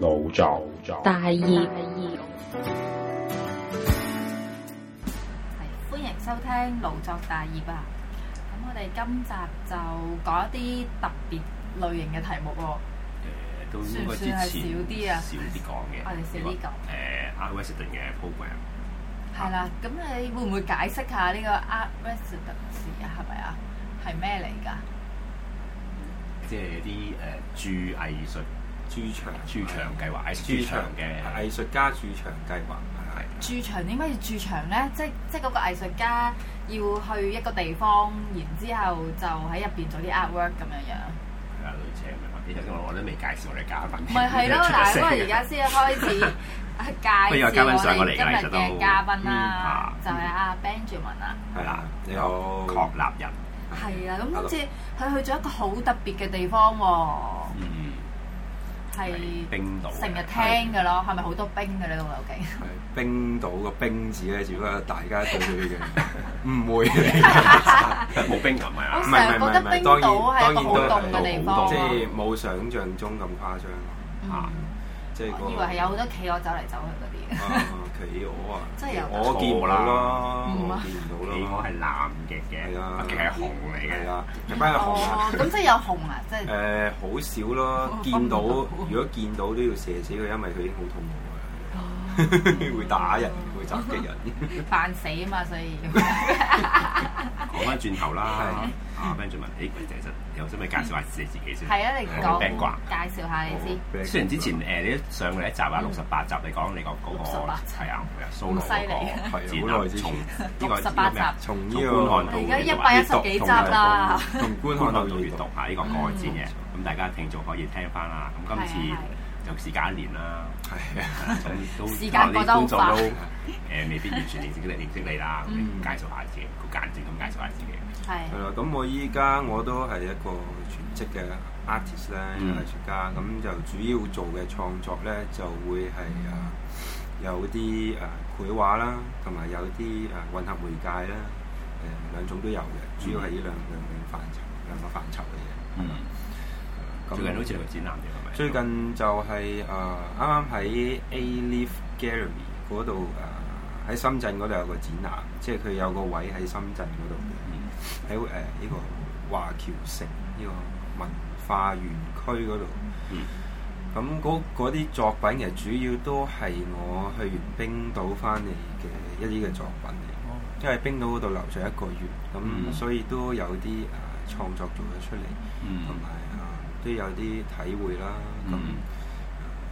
勞作大，大業，大業。係歡迎收聽勞作大業啊！咁我哋今集就講一啲特別類型嘅題目喎、啊。誒、嗯，都算係少啲啊，少啲講嘅。我哋少啲講。誒 Artist Residency 嘅 program。係啦，咁你會唔會解釋下呢個 Artist Residency 是，是啊，係咪啊？係咩嚟噶？即係啲誒，注藝術。駐場駐場計劃，駐場嘅藝術家駐場計劃係。駐場，點解要駐場咧？即係即係嗰個藝術家要去一個地方，然之後就喺入邊做啲 artwork 咁樣樣。係啊，都請埋啲，因為我都未介紹我哋嘉賓。咪係咯，但係因為而家先開始介紹。歡迎我嘉賓上嚟，今日嘅嘉賓啦，就係阿 Benjamin 啊。係啊，你好。郝立仁。係啊，咁即係佢去咗一個好特別嘅地方喎。係冰島，成日聽嘅咯，係咪好多冰嘅呢個遊記？係冰島個冰字咧，只不過大家對對嘅，唔會冇冰咁啊！唔係唔係唔係，當然當然都係好凍嘅地方，即係冇想像中咁誇張啊！以為係有好多企鵝走嚟走去嗰啲，企鵝啊，我見唔到我見唔到啦。企鵝係藍嘅嘅啦，其實係熊嚟㗎啦，係翻個熊啊。咁即係有熊啊，即係。誒，好少咯，見到如果見到都要射死佢，因為佢已經好痛苦啦，會打人。殺機人，犯死啊嘛，所以講翻轉頭啦。啊 Benjamin，誒，其實有唔可以介紹下你自己先？係啊，你講 b e 介紹下你先。雖然之前誒你一上嚟一集啊，六十八集你講你個嗰個係啊好犀利嘅發展。六十八集，從呢個一百一十幾集啦，從觀看到閲讀下呢個改編嘅，咁大家聽眾可以聽翻啦。咁今次就時隔一年啦。係。 時間過得都好快， 誒未必完全認識你，認識你啦，介紹下自己，個簡介咁介紹下自己。係。係啦，咁我依家我都係一個全職嘅 artist 咧，藝術家，咁就主要做嘅創作咧，就會係啊有啲誒繪畫啦，同埋有啲誒混合媒介啦，誒兩種都有嘅，主要係依兩兩範疇兩個範疇嘅嘢。嗯。最近好似係展覽。最近就係誒啱啱喺 A Leaf Gallery 嗰度誒喺深圳嗰度有個展覽，即係佢有個位喺深圳嗰度，喺誒呢個華僑城呢、呢個文化園區嗰度。嗯，咁嗰啲作品其實主要都係我去完冰島翻嚟嘅一啲嘅作品嚟，因為冰島嗰度留咗一個月，咁、嗯、所以都有啲誒、呃、創作做咗出嚟，同埋、嗯。都有啲體會啦，咁、嗯、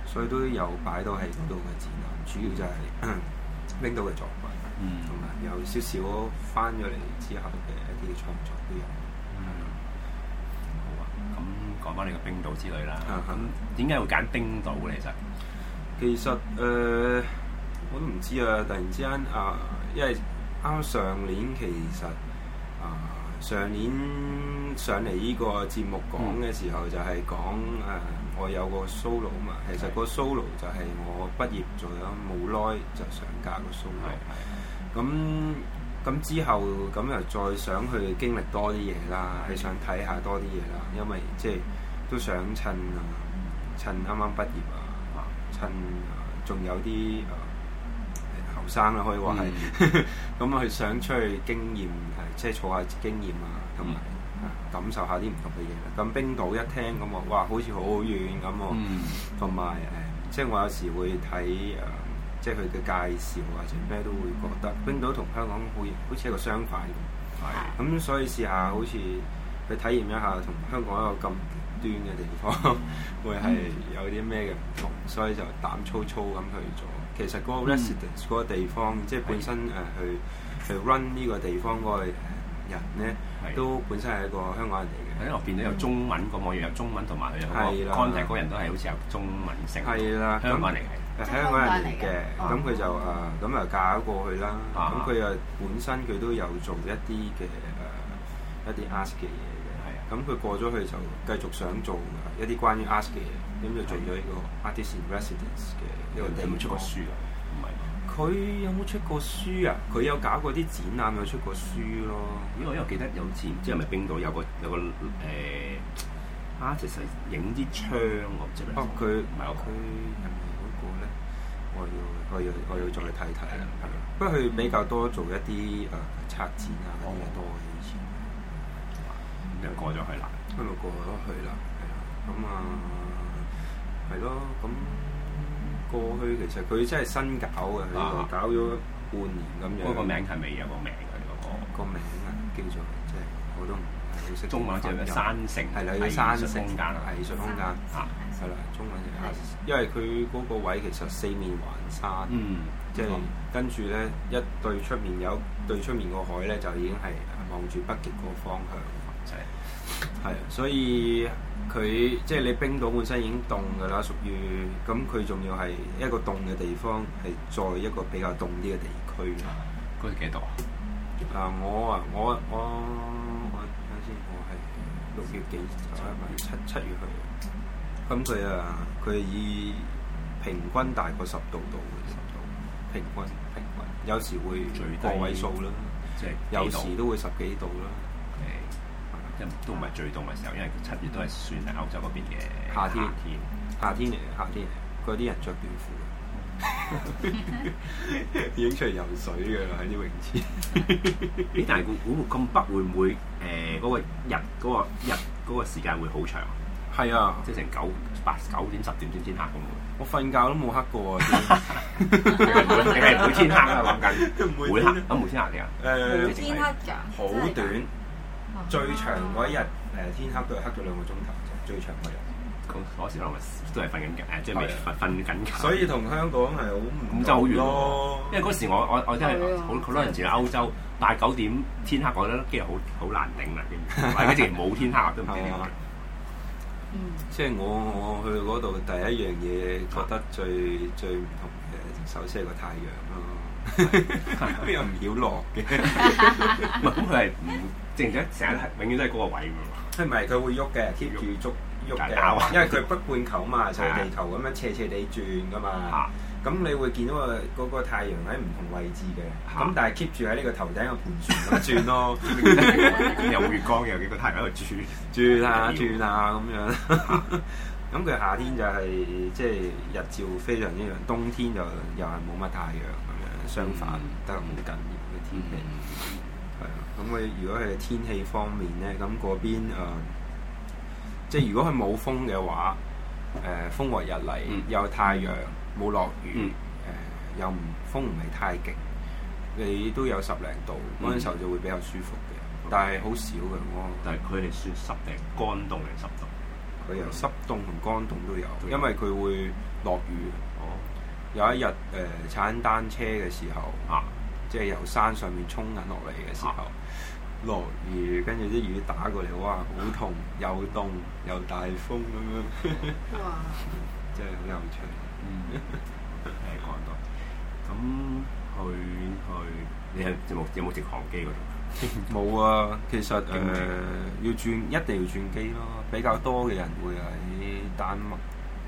所以都有擺到喺嗰度嘅展覽，嗯、主要就係拎到嘅作品，同埋、 嗯、有少少翻咗嚟之後嘅一啲創作都有。嗯嗯、好啊，咁講翻呢個冰島之旅啦。咁點解會揀冰島咧？其實、嗯、其實誒、呃，我都唔知啊。突然之間啊，因為啱上年其實啊。上年上嚟呢個節目講嘅時候就講，就係講誒，我有個 solo 啊嘛。其實個 solo 就係我畢業咗冇耐就想加個 solo。咁咁、嗯、之後咁又再想去經歷多啲嘢啦，係、嗯、想睇下多啲嘢啦，因為即係都想趁啊趁啱啱畢業啊，趁仲、啊、有啲後生啦，可以話係咁啊，去、嗯 嗯、想出去經驗。即係坐下經驗啊，同埋感受下啲唔同嘅嘢。咁冰島一聽咁喎，哇，好似好遠咁喎。同埋誒，即係我有時會睇誒、呃，即係佢嘅介紹或者咩都會覺得冰島同香港好好似一個相反。係、嗯。咁所以試下好似去體驗一下同香港一個咁極端嘅地方，嗯、 會係有啲咩嘅唔同，所以就膽粗粗咁去咗。其實嗰、嗰個 residence 嗰、嗯、地方，即係、嗯、本身誒去、呃、去 run 呢個地方嗰咧都本身係一個香港人嚟嘅，喺度見到有中文個網頁，有中文同埋佢有個 contact 人了都係好似有中文性，係啦了，香港嚟嘅，香港人嚟嘅，咁佢、嗯、就誒咁啊嫁咗過去啦，咁佢又本身佢都有做一啲嘅誒一啲 art 嘅嘢嘅，咁佢的過咗去就繼續想做一啲關於 art 嘅嘢，咁就做咗一個 artist residence 嘅一個地方。的佢有冇出過書啊？佢有搞過啲展覽，有出過書咯。因為因為記得有次，即係咪冰島有個有個誒、呃、啊？其實影啲窗我唔知。佢唔係佢係咪嗰個咧、嗯、那個？我要我要我要，我要再睇睇。係啦，不過佢比較多做一啲誒策展啊嗰啲嘢、哦、多以前。咁又、嗯、過咗去啦。一路、嗯、過咗去啦，係啦。咁啊，係咯，咁、嗯。過去其實佢真係新搞嘅，搞咗半年咁樣。不、啊，那個名係未有個名嘅嗰個名。名啊，叫做，即係我都唔係好識。中文叫咩？山城。係啦，叫山城。藝術空間。藝術空間。係啦、啊。中文叫。因為佢嗰個位其實四面環山。嗯。即係是錯跟住咧，一對出面有對出面個海咧，就已經係望住北極個方向。係。係，所以。佢即係你冰島本身已經凍㗎啦，屬於咁佢仲要係一個凍嘅地方，係在一個比較凍啲嘅地區。嗰度幾度啊？啊，我啊，我我我睇下先，我係六月幾七月，唔係七，七月去。咁佢啊，佢以平均大概十度度十度，平均平均，平均有時會個低位數啦，有時都會十幾度啦。都唔係最凍嘅時候，因為七月都係算係歐洲嗰邊嘅夏天，夏天，夏天嚟，夏天嚟，嗰啲人着短褲，影出嚟游水㗎啦喺啲泳池。咦？但係會古唔咁北？會唔會誒嗰個日嗰個日嗰個時間會好長？係啊，即係成九八九點十點先天黑咁。我瞓覺都冇黑過啊！每天黑啊，講緊，每黑咁，每天黑點啊？誒，每天黑嘅，好短。最長嗰一日誒天黑都係黑咗兩個鐘頭，最長嗰日。嗰時我咪都係瞓緊誒，即係未瞓瞓緊。所以同香港係好唔周遠咯。因為嗰時我我我真係好好多人住喺歐洲，八九點天黑，我覺得真係好好難頂啊！完全冇天黑都唔知點解。嗯。即係我我去嗰度第一樣嘢覺得最最唔同嘅，首先係個太陽咯，因為唔曉落嘅，咁佢係唔。靜咗成日，永遠都喺嗰個位㗎嘛。佢唔係，佢會喐嘅，keep 住捉喐嘅。因為佢北半球啊嘛，就係地球咁樣斜斜地轉㗎嘛。咁你會見到個嗰個太陽喺唔同位置嘅。咁但係 keep 住喺呢個頭頂個盤旋咁轉咯。有月光嘅有幾個太陽喺度轉轉啊轉啊咁樣。咁佢夏天就係即係日照非常之樣，冬天就又係冇乜太陽咁樣。相反得咁緊要嘅天氣。咁佢如果係天氣方面咧，咁嗰邊誒，即係如果佢冇風嘅話，誒風和日麗，又太陽，冇落雨，誒又唔風唔係太勁，你都有十零度嗰陣時候就會比較舒服嘅，但係好少嘅。但係佢哋算十零乾凍定濕凍？佢有濕凍同乾凍都有，因為佢會落雨。哦，有一日誒踩單車嘅時候，即係由山上面衝緊落嚟嘅時候。落雨，跟住啲雨打過嚟，哇！好痛，又凍又大風咁樣，哇！真係好有趣，喺廣東咁去去，你有冇有冇直航機嗰度？冇啊，其實誒要轉一定要轉機咯，比較多嘅人會喺丹麥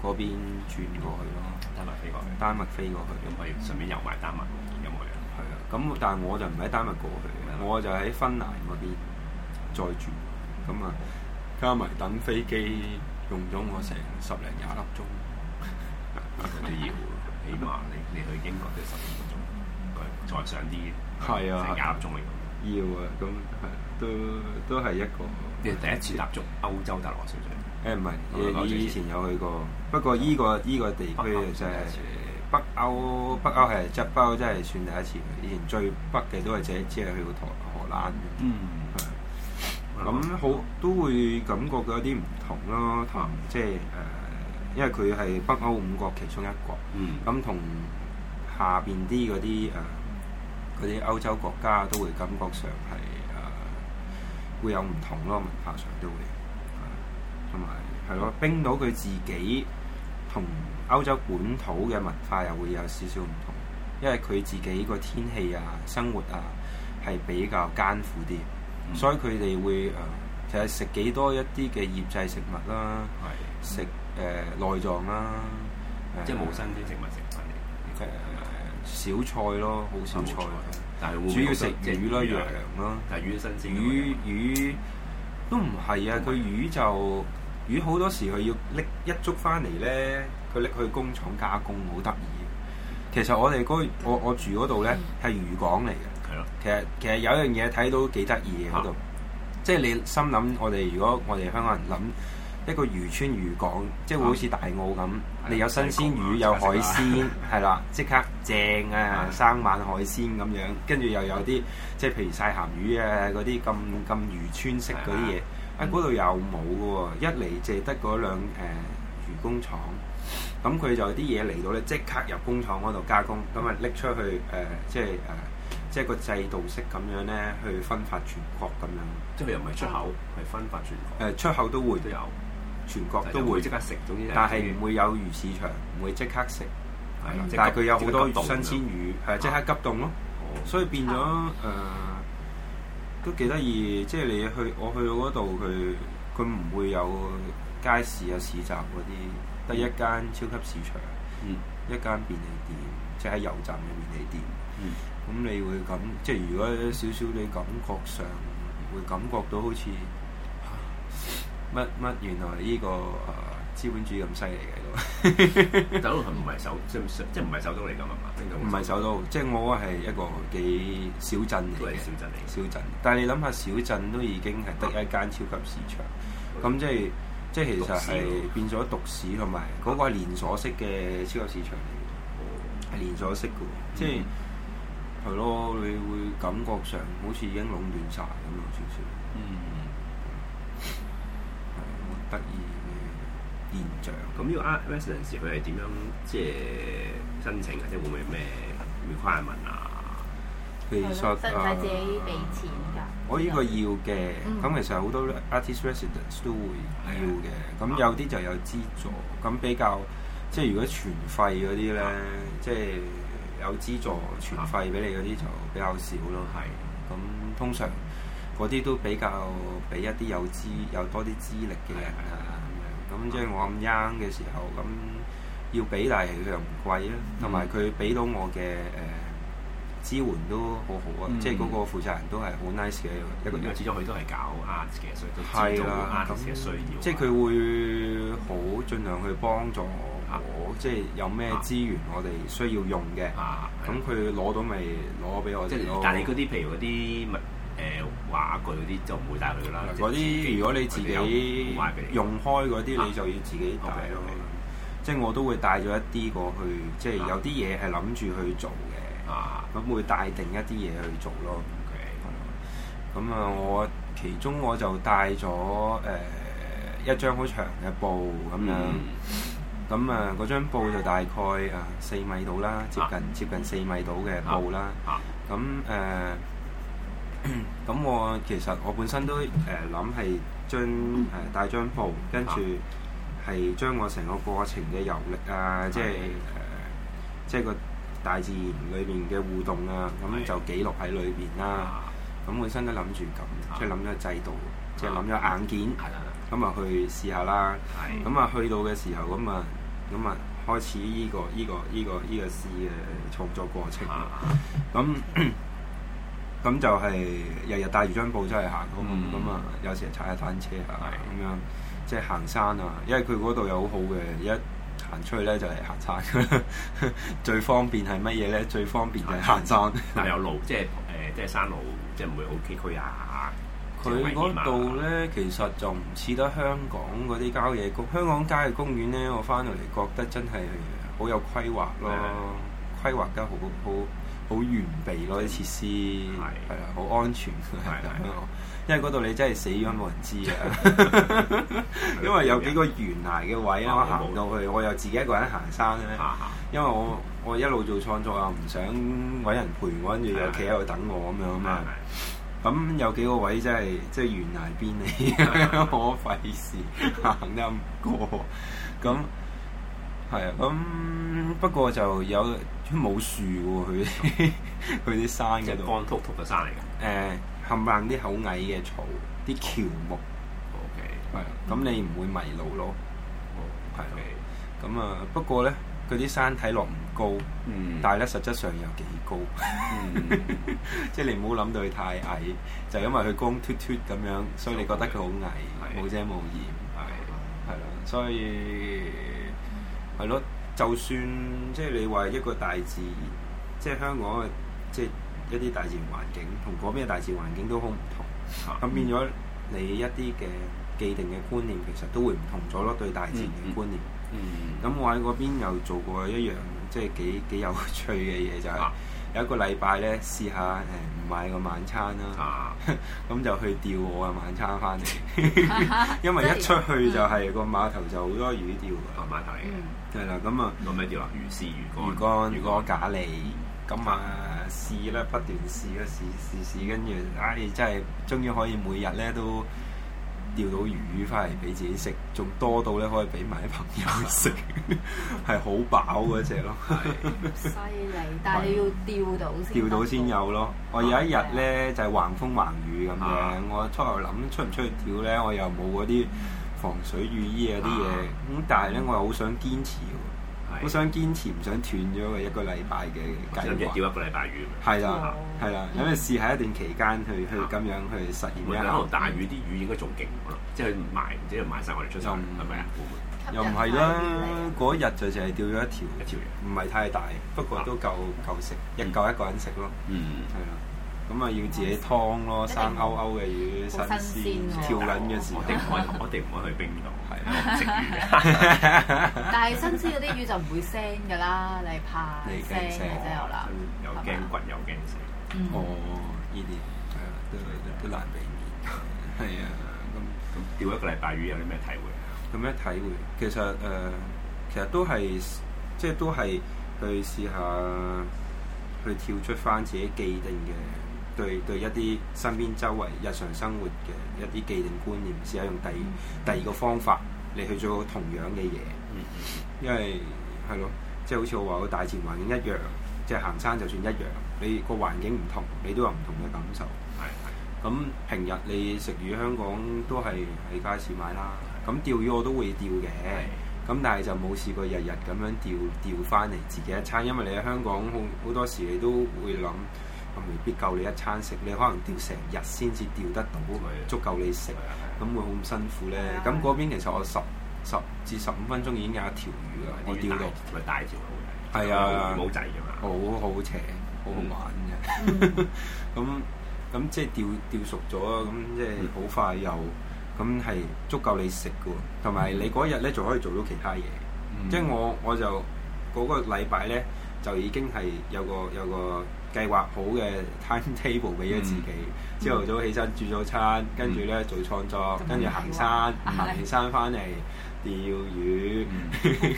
嗰邊轉過去咯，丹麥飛過去，丹麥飛過去咁咪順便遊埋丹麥，有冇啊？係啊，咁但係我就唔喺丹麥過去。我就喺芬蘭嗰邊再住，咁啊加埋等飛機用咗我成十零廿粒鐘，都要，起碼你你去英國都十五個鐘，再上啲，係啊，廿粒鐘嚟要啊，咁都都係一個。你第一次踏足歐洲搭羅 Sir？誒唔係，以以前有去過，不過依、這個依、這個地區真、就、係、是。啊嗯北歐北歐係北歐真係算第一次，以前最北嘅都係只只係去到台荷蘭嘅。嗯，咁好都會感覺到有啲唔同咯，同即係誒，因為佢係北歐五國其中一國。咁同、嗯、下邊啲嗰啲誒嗰啲歐洲國家都會感覺上係誒、呃、會有唔同咯，文化上都會，同埋係咯冰島佢自己同。歐洲本土嘅文化又會有少少唔同，因為佢自己個天氣啊、生活啊係比較艱苦啲，嗯、所以佢哋會誒、呃、其實食幾多一啲嘅醃製食物啦，的食誒、呃、內臟啦，呃、即係冇新鮮食物食物嚟嘅、呃的呃、小菜咯，小菜咯好少菜，但係主要食魚咯、羊咯，但係魚新鮮魚，魚都唔係啊。佢、嗯嗯、魚就魚好多時佢要拎一粥翻嚟咧。佢拎去工廠加工，好得意。其實我哋嗰我我住嗰度咧係漁港嚟嘅，係咯。其實其實有樣嘢睇到幾得意嘅，嗰度，即係你心諗我哋如果我哋香港人諗一個漁村漁港，即係會好似大澳咁，你有新鮮魚有海鮮係啦，即刻正啊生猛海鮮咁樣，跟住又有啲即係譬如曬鹹魚啊嗰啲咁咁漁村式嗰啲嘢喺嗰度又冇嘅喎，一嚟淨係得嗰兩誒漁工廠。咁佢就啲嘢嚟到咧，即刻入工廠嗰度加工，咁啊拎出去誒，即係誒，即係個制度式咁樣咧，去分發全國咁樣。即係又唔係出口，係分發全國。誒出口都會都有全國都會即刻食，總之但係唔會有魚市場，唔會即刻食。係啊，但係佢有好多新鮮魚，係即刻急凍咯。所以變咗誒都幾得意。即係你去我去到嗰度，佢佢唔會有街市啊市集嗰啲。得一間超級市場，嗯、一間便利店，即喺油站嘅便利店。咁、嗯、你會咁，即係如果少少你感覺上，會感覺到好似乜乜原來呢個誒資本主義咁犀利嘅喎。走路唔係首，即即係唔係首都嚟㗎嘛？唔係首都，即係我係一個幾小鎮嚟。都係小鎮嚟。小鎮。但係你諗下，小鎮都已經係得一間超級市場，咁即係。即係其實係變咗獨市同埋嗰個係連鎖式嘅超級市場嚟嘅，係、嗯、連鎖式嘅喎，嗯、即係係咯，你會感覺上好似已經壟斷晒咁樣少少。嗯，係好得意嘅現象。咁呢個 I West 嗰陣佢係點樣即係申請啊？即係會唔會咩 requirement 啊？其實係咪自己俾錢㗎？我呢個要嘅，咁其實好多 artist residents 都會要嘅，咁有啲就有資助，咁比較即係如果全費嗰啲咧，即係有資助全費俾你嗰啲就比較少咯。係、嗯，咁通常嗰啲都比較俾一啲有資有多啲資歷嘅人啊咁樣。咁、嗯、即係我咁 young 嘅時候，咁要俾，但係佢又唔貴啦，同埋佢俾到我嘅誒。呃支援都好好啊，即係嗰個負責人都係好 nice 嘅一個，因為始終佢都係搞 art 嘅，所以都知 art 嘅需要。即係佢會好盡量去幫助我，即係有咩資源我哋需要用嘅，咁佢攞到咪攞咗俾我哋咯。但係你嗰啲譬如嗰啲物誒畫具嗰啲就唔會帶佢㗎啦。嗰啲如果你自己用開嗰啲，你就要自己帶咯。即係我都會帶咗一啲過去，即係有啲嘢係諗住去做。咁會帶定一啲嘢去做咯。咁啊 Okay,、嗯，我，我其中我就帶咗誒、呃、一張好長嘅布咁樣，咁啊嗰張布就大概啊四、呃、米到啦，接近、uh, 接近四米到嘅布啦。咁誒，咁我其實我本身都誒諗係將誒帶、呃、張布，跟住係將我成個過程嘅遊歷啊，即係即係個。啊 大自然裏邊嘅互動啊，咁就記錄喺裏邊啦。咁本身都諗住咁，即係諗咗制度，即係諗咗硬件，咁啊去試下啦。咁啊去到嘅時候，咁啊咁啊開始呢個、呢個、呢個、呢個試嘅創作過程。咁咁、啊、那 就係日日帶住張布出嚟行咯。咁啊、嗯、有時候踩下單車啊，咁樣即係行山啊。因為佢嗰度有好好嘅一。行出去咧就係行山， 最方便係乜嘢咧？最方便就係行山， 但有路，即係誒、呃，即係山路，即係唔會好崎佢崎嶇啊。佢嗰度咧，其實就唔似得香港嗰啲郊野公。香港郊野公園咧，我翻到嚟覺得真係好有規劃咯，規劃的得好好好完備咯，啲設施係係啊，好的的安全。的因為嗰度你真係死咗冇人知啊， 意 因為有幾個懸崖嘅位啦，行到去我又自己一個人行山嘅咩！ 因為我我一路做創作啊，唔想揾人陪我跟住又企喺度等我咁樣啊嘛。咁有幾個位真係即係懸崖邊嚟，嗯嗯、 我費事行得咁過。咁係啊，咁不過就有冇樹喎，佢佢啲山嘅。即係光禿禿嘅山嚟嘅。誒。 冚唪唥啲好矮嘅草，啲喬木，OK，係，咁你唔會迷路咯。係 Okay.、啊，咁啊，不過咧，佢啲山睇落唔高，嗯、但係咧，實質上有幾高。嗯、 即係你唔好諗到佢太矮，就係、因為佢光禿禿咁樣，嗯、所以你覺得佢好矮，冇遮冇掩。係，係咯，所以係咯，就算即係你話一個大自然，即係香港嘅，即係。一啲大自然環境，同嗰邊嘅大自然環境都好唔同，咁變咗你一啲嘅既定嘅觀念，其實都會唔同咗咯，對大自然嘅觀念。咁我喺嗰邊又做過一樣即係幾幾有趣嘅嘢，就係有一個禮拜咧試下誒唔買個晚餐啦，咁就去釣我嘅晚餐翻嚟，因為一出去就係個碼頭就好多魚釣嘅。碼頭嘅，係啦，咁啊，攞咩釣啊？魚線、魚竿、魚竿、魚竿、假鰾。咁、嗯、啊，試啦，不斷試一試試試，跟住唉，真係終於可以每日咧都釣到魚翻嚟俾自己食，仲多到咧可以俾埋啲朋友食，係好 飽嗰隻咯。犀利，但係你要釣到先。釣到先有咯。我有一日咧、啊、就係橫風橫雨咁樣，啊、我初頭諗出唔出去釣咧，我又冇嗰啲防水雨衣啊啲嘢，咁、嗯、但係咧我又好想堅持。好想堅持唔想斷咗一個禮拜嘅計劃，釣一個禮拜魚，係啦係啦，咁你試下一段期間去去咁樣去實現。我諗頭大雨啲魚應該仲勁，即係賣唔知係賣曬我哋出心係咪啊？又唔係啦，嗰日就淨係釣咗一條一條嘢，唔係太大，不過都夠夠食，一夠一個人食咯。嗯，係啊。咁啊，要自己劏咯，生勾勾嘅魚新鮮，跳卵嘅時，我哋唔可我哋唔會去冰凍，係但係新鮮嗰啲魚就唔會腥㗎啦。你怕腥嘅啫，有啦。又驚骨，有驚腥！哦，呢啲係啊，都都都難避免。係啊，咁咁釣一個禮拜魚有啲咩體會？有咩體會？其實誒，其實都係即係都係去試下去跳出返自己既定嘅。對，對一啲身邊周圍日常生活嘅一啲既定觀念，試下用第、嗯、第二個方法，你去做同樣嘅嘢。嗯、因為係咯，即係好似我話個大自然環境一樣，即係行山就算一樣，你個環境唔同，你都有唔同嘅感受。係。咁平日你食魚，香港都係喺街市買啦。咁釣魚我都會釣嘅。咁但係就冇試過日日咁樣釣釣翻嚟自己一餐，因為你喺香港好好多時你都會諗未必夠你一餐食，你可能釣成日先至釣得到足夠你食，咁會好辛苦咧。咁嗰邊其實我十十至十五分鐘已經有一條魚啦，釣到，埋大條嘅，係啊，冇仔啫嘛，好好斜，好好玩嘅。咁咁即係釣釣熟咗，咁即係好快又咁係足夠你食嘅，同埋你嗰日咧就可以做到其他嘢。即係我我就嗰個禮拜咧就已經係有個有個。計劃好嘅 time table 俾咗自己，朝頭早起身煮早餐，跟住咧做創作，跟住行山，行完山翻嚟釣魚，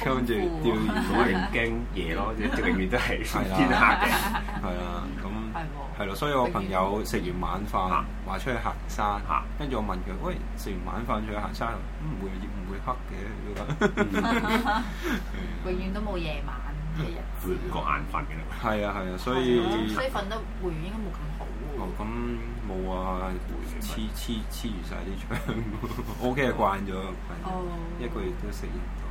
跟住釣魚冇人驚夜咯，即係永遠都係天黑嘅。係啊，咁係咯，所以我朋友食完晚飯話出去行山，跟住我問佢：喂，食完晚飯出去行山，唔會唔會黑嘅？永遠都冇夜晚。佢眼瞓嘅，係啊係啊，所以、哦、所以瞓得回應，應該冇咁好、啊。哦，咁冇啊，黐黐黐住晒啲窗， 我 OK 啊，慣咗、哦，一個月都適應到。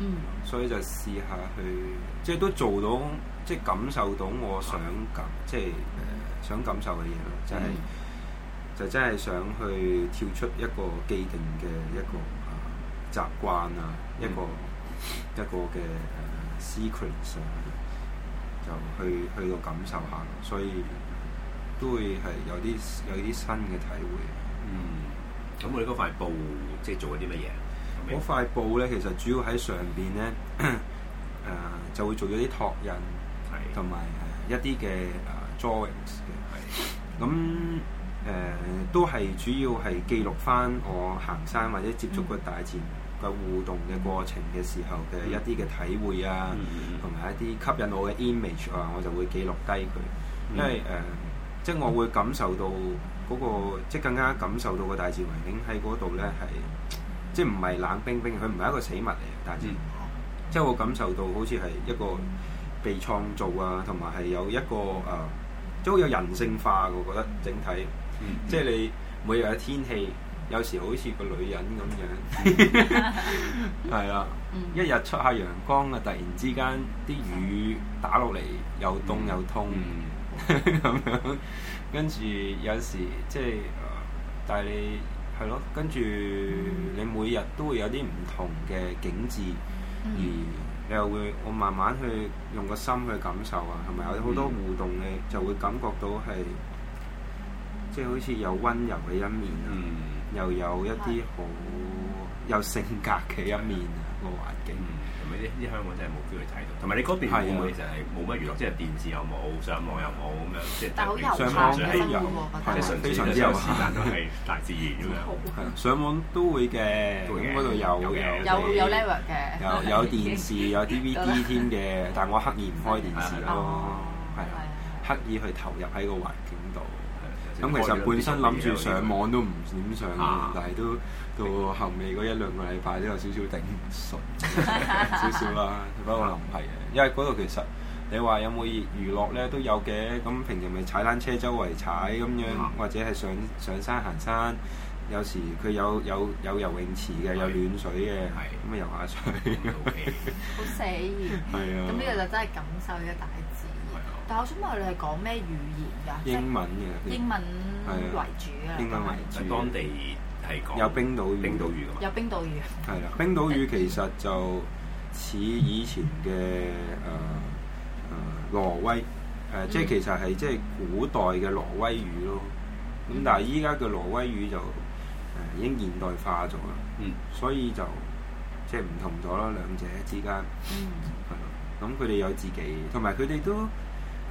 嗯，所以就試下去，即係都做到，即係感受到我想感，嗯、即係誒、嗯、想感受嘅嘢咯，就係、是嗯、就真係想去跳出一個既定嘅一個習慣啊，一個一個嘅誒。secret 上就去去到感受下，所以都會係有啲有啲新嘅體會。嗯，咁我哋嗰塊布即係做咗啲乜嘢？嗰塊布咧，其實主要喺上邊咧，誒、 呃、就會做咗啲拓印，係同埋一啲嘅誒 drawings 嘅。係、呃。咁誒的、呃、都係主要係記錄翻我行山或者接觸嘅大自然。嗯個互動嘅過程嘅時候嘅一啲嘅體會啊，同埋、嗯、一啲吸引我嘅 image 啊，我就會記錄低佢，因為誒，uh, 即係我會感受到嗰、嗰個，即係更加感受到個大自然環境喺嗰度咧，係即係唔係冷冰冰，佢唔係一個死物嚟嘅大自然，嗯、即係我感受到好似係一個被創造啊，同埋係有一個啊，uh, 即係好有人性化，我覺得整體，嗯嗯、即係你每日嘅天氣。有時好似個女人咁樣，係啊，一日出一下陽光啊，突然之間啲雨打落嚟，又凍又痛咁、嗯嗯、 樣，跟住有時即係，但係呃你係咯，跟住你每日都會有啲唔同嘅景緻，嗯、而你又會我慢慢去用個心去感受啊，係咪？有好多互動你就會感覺到係，即係好似有溫柔嘅一面。嗯嗯又有一啲好有性格嘅一面啊，個環境，同埋啲啲香港真係冇機會睇到。同埋你嗰邊冇，其實係冇乜娛樂，即係電視又冇，上網又冇咁樣。即係好有限，係有限，係非常之有時間都係大自然咁樣。係，上網都會嘅，咁嗰度有有有有嘅。有有電視有 DVD 添嘅，但我刻意唔開電視咯，係刻意去投入喺個環境度。咁其實本身諗住上網都唔點上，啊、但係都到後尾嗰一兩個禮拜都有少少頂唔順，少少啦。不過可能唔係嘅，因為嗰度其實你話有冇娛樂咧都有嘅。咁平時咪踩單車周圍踩咁樣，或者係上上山行山。有時佢有有有游泳池嘅，有暖水嘅，咁啊對游下水，好寫意。係 啊，咁呢個就真係感受嘅大但我想問你係講咩語言㗎？英文嘅英文係啊，為主嘅。英文為主，當地係講有冰島語，冰島語㗎。有冰島語係啦，冰島語其實就似以前嘅誒誒挪威誒，即係其實係即係古代嘅挪威語咯。咁但係依家嘅挪威語就誒已經現代化咗啦。嗯。所以就即係唔同咗啦，兩者之間。嗯。係啊。咁佢哋有自己，同埋佢哋都。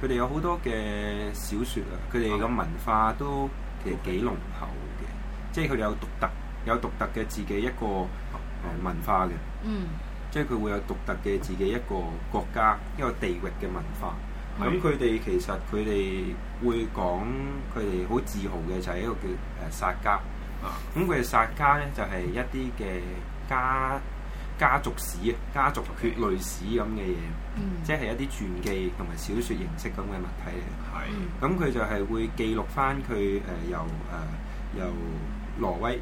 佢哋有好多嘅小説啊！佢哋嘅文化都其實幾濃厚嘅，即係佢哋有獨特、有獨特嘅自己一個文化嘅，嗯、即係佢會有獨特嘅自己一個國家一個地域嘅文化。咁佢哋其實佢哋會講佢哋好自豪嘅就係一個叫誒薩迦啊！咁佢哋薩迦咧就係一啲嘅家。家族史啊，家族血淚史咁嘅嘢，嗯、即係一啲傳記同埋小説形式咁嘅物體嚟。係、嗯，咁佢就係會記錄翻佢誒由誒由挪威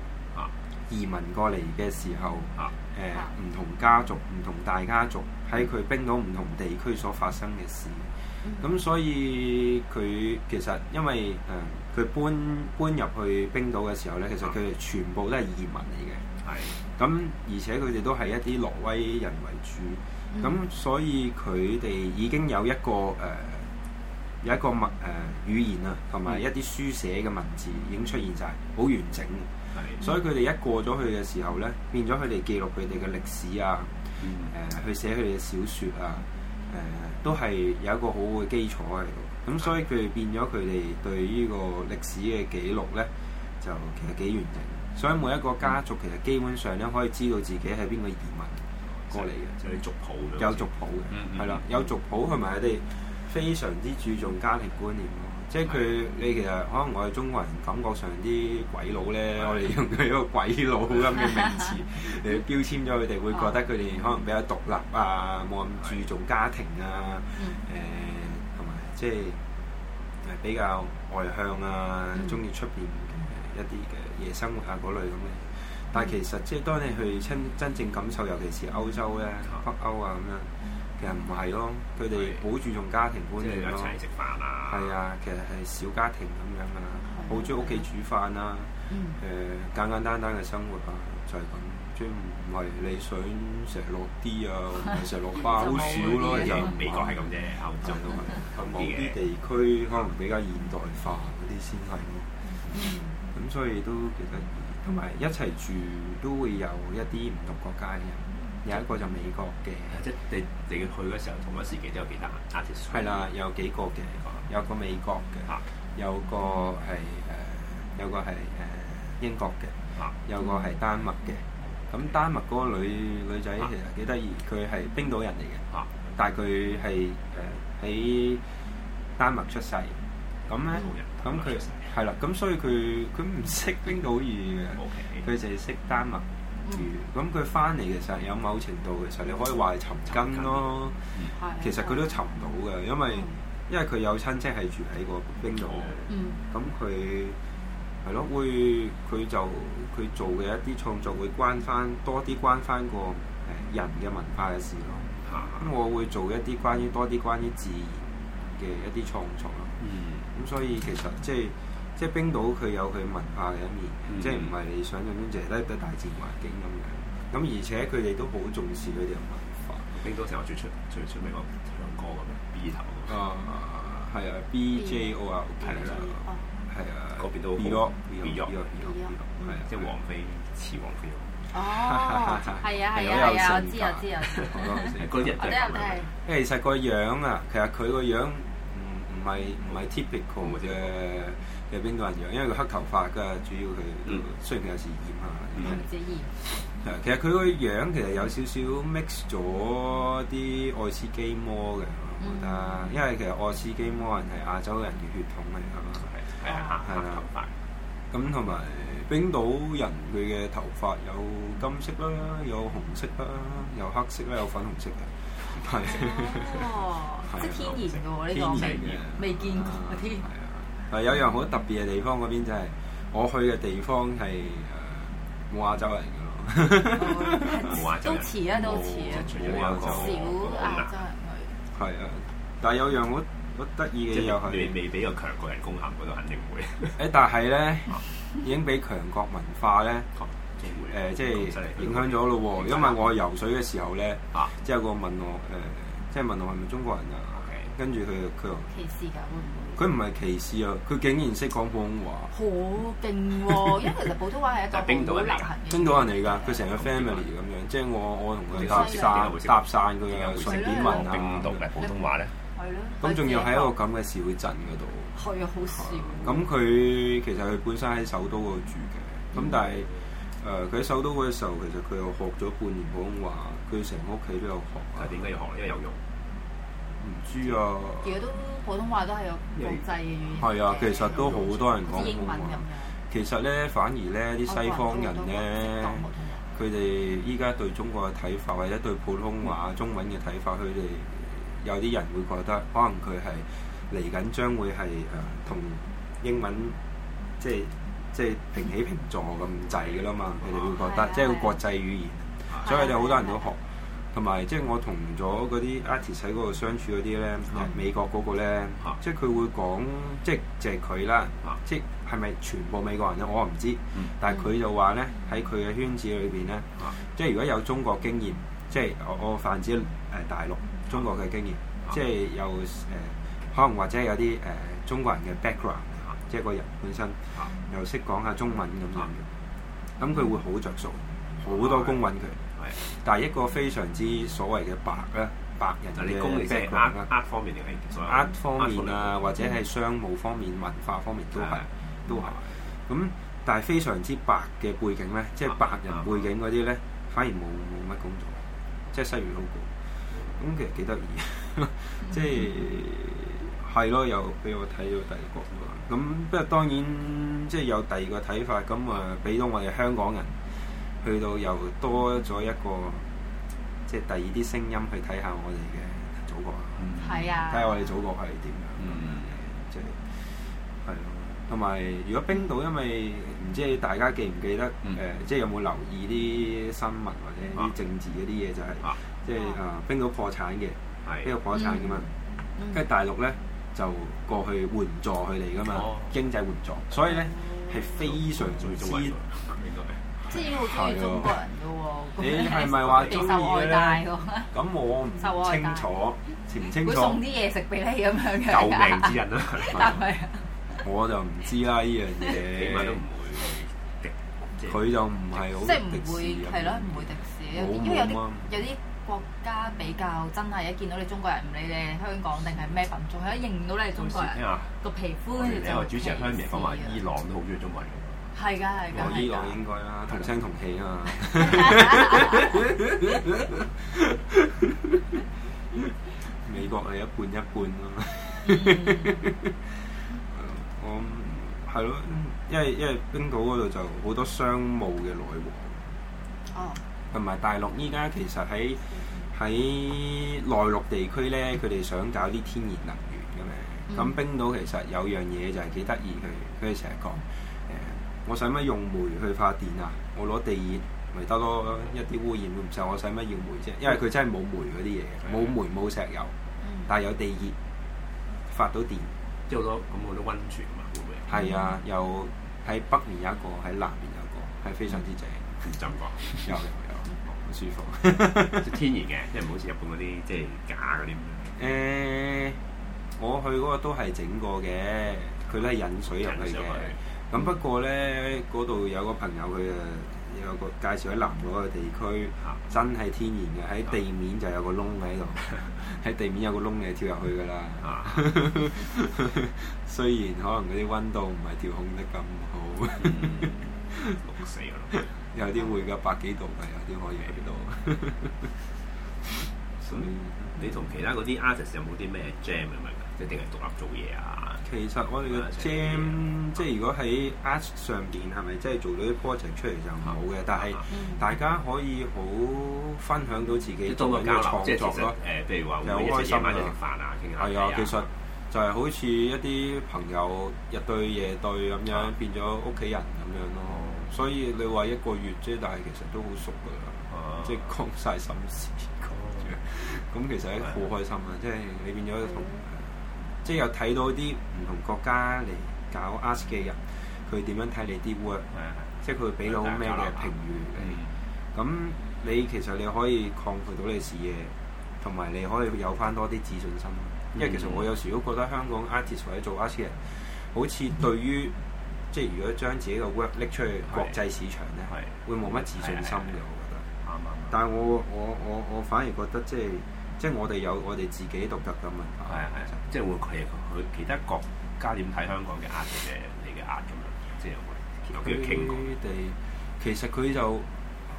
移民過嚟嘅時候，誒、啊啊呃、唔同家族、唔同大家族喺佢冰島唔同地區所發生嘅事。咁、嗯、所以佢其實因為誒佢、呃、搬搬入去冰島嘅時候咧，其實佢哋全部都係移民嚟嘅。係，咁、嗯、而且佢哋都係一啲挪威人為主，咁、嗯嗯嗯、所以佢哋已經有一個誒、呃、有一個文誒、呃、語言啊，同埋一啲書寫嘅文字已經出現晒，好完整嘅。嗯、所以佢哋一過咗去嘅時候呢，變咗佢哋記錄佢哋嘅歷史啊，呃、去寫佢哋嘅小説啊，誒、呃、都係有一個好好嘅基礎喺度。咁、嗯嗯、所以佢哋變咗佢哋對呢個歷史嘅記錄呢，就其實幾完整。所以每一個家族其實基本上咧，可以知道自己係邊個移民過嚟嘅，即係族譜、就是、有族譜嘅，係啦、嗯嗯，有族譜，同埋佢哋非常之注重家庭觀念咯。即係佢、嗯、你其實可能我哋中國人感覺上啲鬼佬咧，我哋用佢一個鬼佬咁嘅名詞嚟標籤咗佢哋，會覺得佢哋可能比較獨立啊，冇咁注重家庭啊，誒同埋即係比較外向啊，中意出邊，一啲嘅夜生活啊嗰類咁嘅，但係其實即係當你去親真正感受，尤其是歐洲咧、北歐啊咁樣，其實唔係咯，佢哋好注重家庭觀念咯。即係一齊食飯啊。係啊。其實係小家庭咁樣噶啦，好中意屋企煮飯啊，誒簡簡單單嘅生活啊，就係咁。即唔係你想成日落啲啊，唔係成日落吧，好少咯。其實美國係咁啫，歐洲都係。某啲地區可能比較現代化嗰啲先係咯。所以都幾得意，同埋一齊住都會有一啲唔同國家嘅人，有一個就美國嘅，即係是你你去嘅時候同埋時期都有幾多？係啦，有幾個嘅，有個美國嘅，有個係誒、呃，有個係誒、呃、英國嘅，有個係丹麥嘅。咁丹麥嗰個女女仔其實幾得意，佢係、啊、冰島人嚟嘅，但係佢係誒喺丹麥出世。咁咧，咁佢。係啦，咁所以佢佢唔識冰島語嘅，佢淨係識丹麥語。咁佢翻嚟嘅時候，有某程度嘅時候，你可以話係尋根咯。嗯嗯、其實佢都尋唔到嘅，因為、嗯、因為佢有親戚係住喺個冰島嘅。咁佢係咯，會佢就佢做嘅一啲創作會關翻多啲關翻個誒人嘅文化嘅事咯。咁、啊、我會做一啲關於多啲關於自然嘅一啲創作咯。咁、嗯、所以其實即係。即係冰島，佢有佢文化嘅一面，即係唔係你想象中淨係得得大自然環境咁樣。咁而且佢哋都好重視佢哋嘅文化。冰島成日最出最出名個唱歌咁嘅 B 頭啊，係啊 B J O R K 啊係啦，係啊嗰邊都 B Rock B Rock B Rock B Rock，係啊，即係王菲似王菲哦，係啊係啊係啊，我知我知我知嗰日嘅，因為其實個樣啊，其實佢個樣唔唔係唔係 typical 嘅。係冰島人樣，因為佢黑頭髮㗎，主要佢雖然有時染下，只染其實佢個樣其實有少少 mix 咗啲愛斯基摩嘅，我覺得，因為其實愛斯基摩人係亞洲人嘅血統嚟㗎嘛，係啊，黑頭髮。咁同埋冰島人佢嘅頭髮有金色啦，有紅色啦，有黑色啦，有粉紅色嘅。哦，即係天然㗎喎，呢個未見過添。係有樣好特別嘅地方，嗰邊就係我去嘅地方係冇亞洲人嘅咯，都遲啊，都遲啊少亞洲人去。係啊，但係有樣好好得意嘅，又係你未俾個強國人攻陷嗰度，肯定唔會。誒，但係咧已經俾強國文化咧誒，即係影響咗咯喎。因為我去游水嘅時候咧，即係個問我誒，即係問我係咪中國人啊？跟住佢佢又歧視㗎會唔會？佢唔係歧視啊！佢竟然識講普通話，好勁喎！因為其實普通話係一種好流行嘅。 冰島人嚟㗎，佢成個 family 咁樣，即係我我同佢搭訕搭訕嗰樣，順便問下、啊、冰島嘅普通話咧、嗯。係咯。咁仲要喺一個咁嘅社會鎮嗰度學啊，好少。咁佢、嗯、其實佢本身喺首都嗰度住嘅，咁但係誒佢喺首都嗰時候，其實佢又學咗半年普通話，佢成屋企都有學、啊。係點解要學？因為有用。唔知啊，啊，其實都普通話都係有國際語言。係啊，其實都好多人講英文咁樣。其實咧，反而咧啲西方人咧，佢哋依家對中國嘅睇法，或者對普通話、嗯、中文嘅睇法，佢哋有啲人會覺得，可能佢係嚟緊將會係誒同英文即係即係平起平坐咁滯噶啦嘛。佢哋、嗯、會覺得，即係、嗯、個國際語言，嗯、所以佢哋好多人都學。嗯嗯同埋即係我同咗嗰啲 artist 喺嗰度相處嗰啲咧，美國嗰個咧，即係佢會講，即係就係佢啦。即係係咪全部美國人咧？我唔知。但係佢就話咧，喺佢嘅圈子裏邊咧，即係如果有中國經驗，即係我我泛指誒大陸中國嘅經驗，即係有誒可能或者有啲誒中國人嘅 background，即係個人本身又識講下中文咁樣，咁佢會好着數好多工揾佢。但係一個非常之所謂嘅白啊，白人嘅呃呃方面定係呃方面啊，或者係商務方面、文化方面都係都係。咁但係非常之白嘅背景咧，即係對白人背景嗰啲咧，反而冇冇乜工作，即係西元好過。咁其實幾得意，即係係咯，又俾我睇到第二個。咁不過當然即係有第二個睇法，咁啊俾到我哋香港人。去到又多咗一個，即係第二啲聲音去睇下我哋嘅祖國，睇下我哋祖國係點樣，即係係咯。同埋如果冰島，因為唔知大家記唔記得，誒，即係有冇留意啲新聞或者啲政治嗰啲嘢，就係即係誒，冰島破產嘅，冰島破產嘅嘛，跟住大陸咧就過去援助佢哋㗎嘛，經濟援助，所以咧係非常重要。即係好中意中國人嘅喎，你係咪話中意咧？咁我唔清楚，唔清楚。佢送啲嘢食俾你咁樣嘅。救命之恩啦，但係啊，我就唔知啦，呢樣嘢。點解都唔會敵？佢就唔係好。即係唔會，係咯，唔會敵視。因為有啲有啲國家比較真係一見到你中國人唔理你香港定係咩民族，一認唔到你係中國人。個皮膚你就。你話主持人香港放埋伊朗都好中意中國人。係㗎，係㗎，係㗎。我依個應該啦、啊，同聲同氣啊嘛。 美國係一半一半嘛、啊。我係咯，因為因為冰島嗰度就好多商務嘅來往。哦。同埋大陸依家其實喺喺內陸地區咧，佢哋想搞啲天然能源嘅咩？咁、嗯、冰島其實有樣嘢就係幾得意，嘅，佢哋成日講。我使乜用煤去發電啊？我攞地熱咪得咯，一啲污染會唔使我使乜要煤啫？因為佢真係冇煤嗰啲嘢冇煤冇石油，嗯、但係有地熱發到電，即係好多咁好多温泉啊嘛！會唔會啊？係啊、嗯，又喺北面有一個，喺南面有一個，係非常之正。浸過國 有有好國舒服，天然嘅， 即係唔好似日本嗰啲即係假嗰啲咁樣。誒，我去嗰個都係整過嘅，佢都係引水入去嘅。咁不過咧，嗰度有個朋友佢誒有個介紹喺南澳嘅地區，嚇、啊、真係天然嘅，喺地面就有個窿喺度，喺、啊、地面有個窿你跳入去噶啦，嚇、啊。 雖然可能嗰啲温度唔係調控得咁好，焗死咯。 啊、 有啲會㗎，啊、百幾度㗎，有啲可以去到。 所以你同其他嗰啲 artist 有冇啲咩 jam 咁樣，即定係獨立做嘢啊？其實我哋嘅 jam 即係如果喺 art 上邊，係咪即係做到啲 project 出嚟就唔好嘅？ 但係大家可以好分享到自己嘅 創作咯。誒、呃，譬如話好開心啊，食飯啊，係啊，其實就係好似一啲朋友日對夜對咁樣， 變咗屋企人咁樣咯。所以你話一個月啫，但係其實都好熟㗎啦， 即係講晒心事。咁其實好開心啊的！即係你變咗同，即係有睇到啲唔同國家嚟搞 art 嘅人，佢點樣睇你啲 work，的即係佢俾到咩嘅評語。咁的、嗯、你其實你可以擴闊到你視野，同埋你可以有翻多啲自信心。因為其實我有時都覺得香港 artist 或者做 art 嘅人，好似對於、嗯、即係如果將自己嘅 work 拎出去國際市場咧，的會冇乜自信心嘅。的我覺得，的但係我我我我反而覺得即係。即係我哋有我哋自己獨特㗎嘛，係啊係啊，即係會佢佢其他國家點睇香港嘅壓嘅你嘅壓咁樣，即係會有嘅傾向。佢哋其實佢就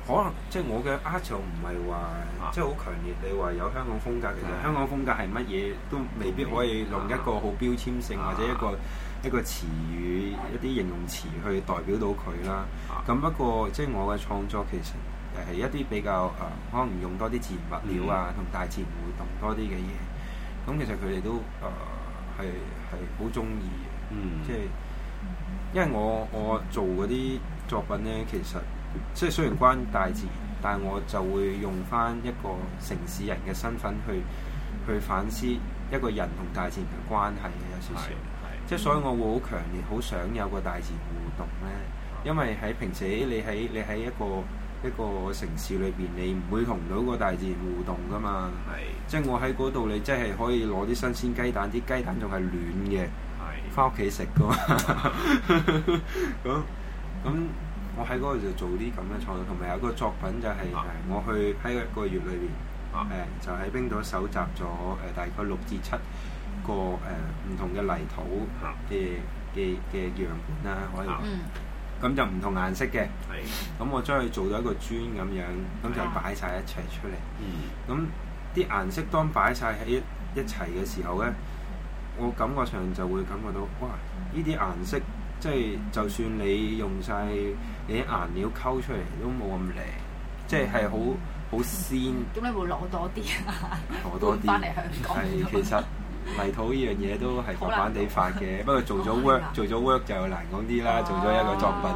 可能即係我嘅壓就唔係話即係好強烈，你話有香港風格其實的香港風格係乜嘢都未必可以用一個好標籤性、啊、或者一個、啊、一個詞語、啊、一啲形容詞去代表到佢啦。咁、啊、不過即係我嘅創作其實。係一啲比較啊、呃，可能用多啲自然物料啊，同大自然互動多啲嘅嘢。咁、嗯、其實佢哋都啊係係好中意嘅，呃嗯、即係因為我我做嗰啲作品咧，其實即係雖然關於大自然，但係我就會用翻一個城市人嘅身份去去反思一個人同大自然嘅關係嘅有少少。即係所以，我會好強烈好想有個大自然互動咧，因為喺平時你喺你喺一個。一個城市裏邊，你唔會同到個大自然互動噶嘛。係的，即係我喺嗰度，你即係可以攞啲新鮮雞蛋，啲雞蛋仲係暖嘅，係的，翻屋企食噶嘛。咁 咁、嗯，我喺嗰度就做啲咁嘅創作，同埋有個作品就係、是嗯、我去喺一個月裏邊，誒、嗯呃、就喺冰島搜集咗誒、呃、大概六至七個誒唔、呃、同嘅泥土嘅嘅嘅樣本啦，可以。嗯嗯咁就唔同顏色嘅，咁的我將佢做咗一個磚咁樣，咁的就擺晒一齊出嚟。咁啲、嗯、顏色當擺晒喺一齊嘅時候咧，我感覺上就會感覺到，哇！呢啲顏色即係、就是、就算你用晒你啲顏料溝出嚟都冇咁靚，即係係好好鮮。咁你會攞多啲啊？攞多啲翻嚟香港。係 其實。泥土呢樣嘢都係反反地發嘅，不過做咗 work 做咗 work 就難講啲啦。做咗一個作品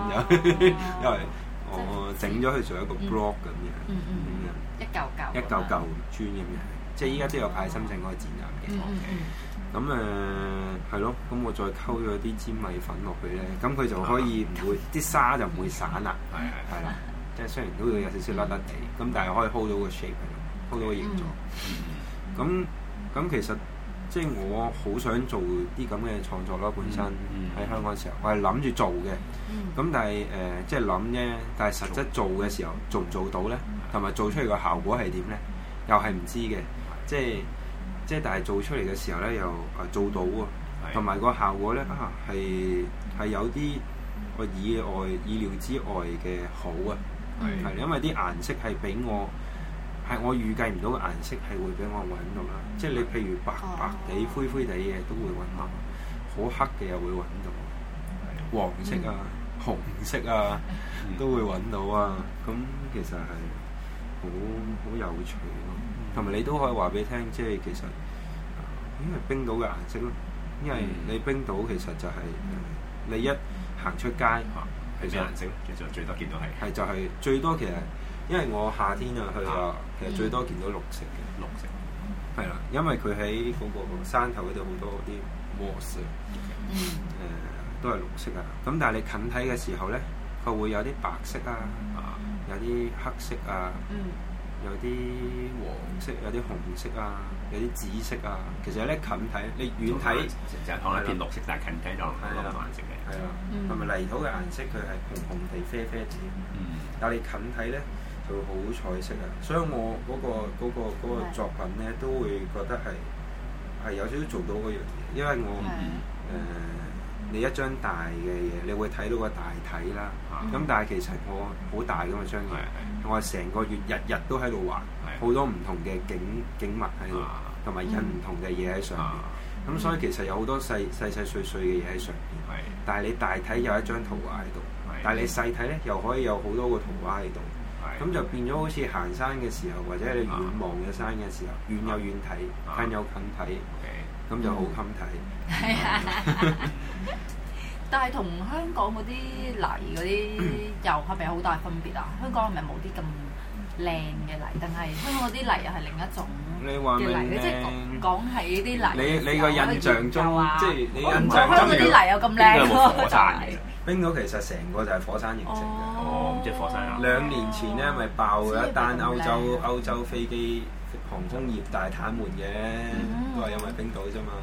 就，因為我整咗佢做一個 block 咁樣，咁樣一嚿嚿一嚿嚿磚咁樣。即係依家都有派深圳嗰個展覽嘅。咁誒係咯，咁我再溝咗啲粘米粉落去咧，咁佢就可以唔會啲沙就唔會散啦。係係啦，即係雖然都會有少少甩甩地，咁但係可以 hold 到個 shape，hold 到個形狀。咁咁其實。即係我好想做啲咁嘅創作咯，本身喺香港時候，我係諗住做嘅。咁但係誒，即係諗啫。但係、呃即係、實質做嘅時候，做唔做到咧？同埋做出嚟、啊、個效果係點咧？又係唔知嘅。即係即係，但係做出嚟嘅時候咧，又啊做到啊，同埋個效果咧啊係係有啲個意外意料之外嘅好啊，係、嗯、因為啲顏色係比我。係我預計唔到嘅顏色係會俾我揾到啦，即係你譬如白白地、哦、灰灰地嘅都會揾到，好黑嘅又會揾到，的黃色啊、嗯、紅色啊、嗯、都會揾到啊。咁其實係好好有趣咯、啊。同埋、嗯、你都可以話俾你聽，即係其實因為、嗯、冰島嘅顏色咯、啊，因為你冰島其實就係、是嗯、你一行出街係咩、啊、顏色其實最多見到係係就係最多其實。因為我夏天啊去啊，其實最多見到綠色嘅綠色，係啦，因為佢喺嗰個山頭嗰度好多啲 moss，誒都係綠色啊。咁但係你近睇嘅時候咧，佢會有啲白色啊，有啲黑色啊，有啲黃色，有啲紅色啊，有啲紫色啊。其實咧，近睇你遠睇成日睇一片綠色，但係近睇就係好多顏色嘅係啊，係咪泥土嘅顏色？佢係紅紅地、啡啡地，但係你近睇咧。佢好彩色啊！所以我嗰、那個嗰、那個嗰、那個作品咧，都會覺得係係有少少做到嘅樣嘢，因為我誒 Okay.、呃、你一張大嘅嘢，你會睇到個大體啦。咁、uh huh. 嗯、但係其實我好大嘅嘛張、uh huh. 我係成個月日日都喺度畫，好、uh huh. 多唔同嘅景景物喺度，uh huh. 人同埋印唔同嘅嘢喺上面，咁、uh huh. 嗯、所以其實有好多細細細碎碎嘅嘢喺上邊，uh huh. 但係你大體有一張圖畫喺度，uh huh. 但係你細睇咧又可以有好多個圖畫喺度。咁就變咗好似行山嘅時候，或者你遠望嘅山嘅時候，遠有遠睇，近有近睇，咁就好襟睇。係啊！但係同香港嗰啲泥嗰啲又係咪好大分別啊？香港係咪冇啲咁靚嘅泥？定係香港嗰啲泥又係另一種？你話咩？即係講起啲泥，你你個印象中，即係你印象香港嗰啲泥有咁靚咯？冰島其實成個就係火山形成嘅，哦，即係火山啊！兩年前咧咪爆咗一單歐洲歐洲飛機航空業大癱瘓嘅，都係因為冰島啫嘛。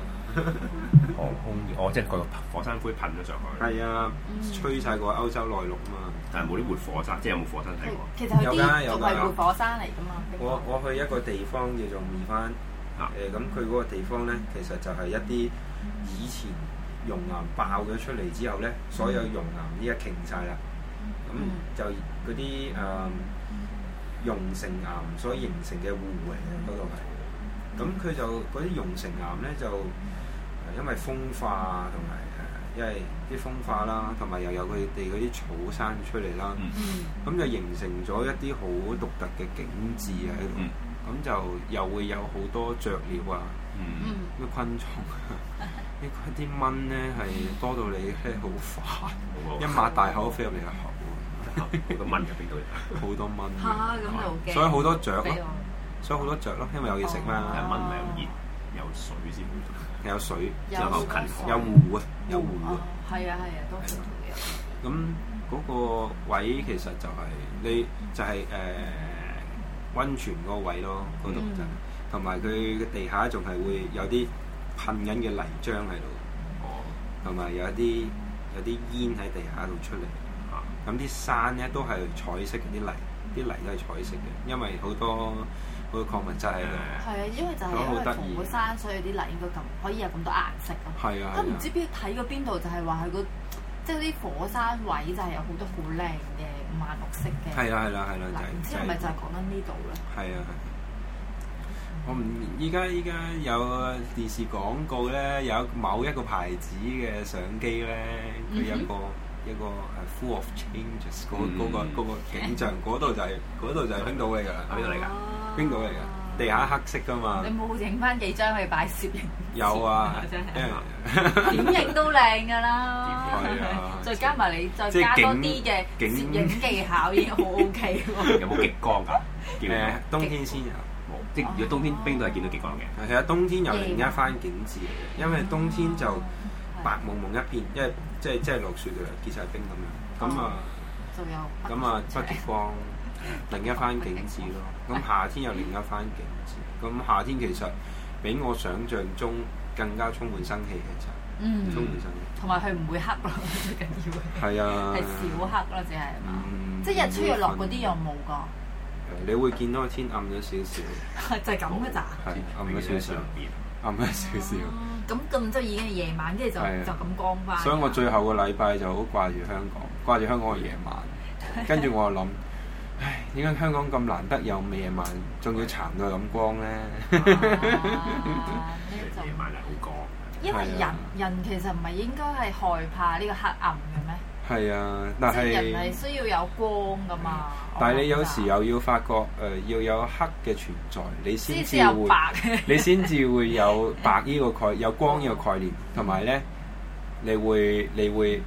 航空業哦，即係個火山灰噴咗上去。係啊，吹晒過歐洲內陸啊嘛。但係冇啲活火山，即係有冇火山睇過？其實有㗎，有㗎活火山嚟㗎嘛。我我去一個地方叫做秘翻啊，咁佢嗰個地方咧，其實就係一啲以前。熔岩爆咗出嚟之後咧，所有熔岩呢一傾晒啦，咁、嗯、就嗰啲誒熔成岩所形成嘅護衛嗰度係，咁佢就嗰啲熔成岩咧就、呃、因為風化同埋誒，因為啲風化啦，同埋又有佢哋嗰啲草山出嚟啦，咁、嗯、就形成咗一啲好獨特嘅景緻啊喺度，咁、嗯、就又會有好多雀鳥啊，咩、嗯、昆蟲啊。啲啲蚊咧係多到你嘿好煩，一擘大口都飛入你嘅口啊！好多蚊嘅，好多蚊。咁所以好多雀咯，所以好多雀咯，因為有嘢食嘛。有蚊，有熱，有水先，有水之後又近有湖，有湖。係啊係啊，多啊。就嘅。咁嗰個位其實就係你就係誒溫泉嗰個位咯，嗰度就同埋佢嘅地下仲係會有啲。噴緊嘅泥漿喺度，同埋有啲有啲煙喺地下度出嚟。咁啲山咧都係彩色啲泥，啲泥都係彩色嘅，因為好多好多礦物質喺度。係啊，因為就係因為火山，所以啲泥應該咁可以有咁多顏色咯。係啊係啊，都唔知邊睇過邊度，就係話佢個即係啲火山位就係有好多好靚嘅五顏六色嘅。係啊係啦係啦，唔知係咪就係講緊呢度咧？係啊。我唔依家依家有電視廣告咧，有某一個牌子嘅相機咧，佢有一個一個係 full of changes 嗰嗰個嗰個景象，嗰度就係嗰度就係冰島嚟㗎，喺邊度嚟㗎？冰島嚟㗎，地下黑色㗎嘛。你冇影翻幾張去擺攝影？有啊，真係點影都靚㗎啦！再加埋你再加多啲嘅攝影技巧已經好 OK。有冇極光㗎？誒，冬天先有。即如果冬天冰都係見到極光嘅。係啊，冬天又另一番景緻嘅，因為冬天就白濛濛一片，因為即係即係落雪嘅，結曬冰咁樣。咁啊，仲有咁啊，北極光，另一番景緻咯。咁夏天又另一番景緻。咁夏天其實比我想象中更加充滿生氣嘅，就充滿生氣。同埋佢唔會黑咯，最緊要係啊，係少黑咯，只係啊，即係日出日落嗰啲又冇㗎。你會見到個天暗咗少少， 就係咁嘅咋，暗咗少少，暗咗少少。咁咁即係已經夜晚，跟住就、啊、就咁光翻。所以我最後個禮拜就好掛住香港，掛住香港嘅夜晚。跟住 我又諗，唉，點解香港咁難得有夜晚，仲要殘到咁光咧？夜晚嚟好光， 啊、因為人 人其實唔係應該係害怕呢個黑暗嘅咩？係啊，但係人係需要有光噶嘛。但係你有時又要發覺，誒、呃、要有黑嘅存在，你先至會。白 你先至會有白呢個概，有光呢個概念，同埋咧，你會你會你會,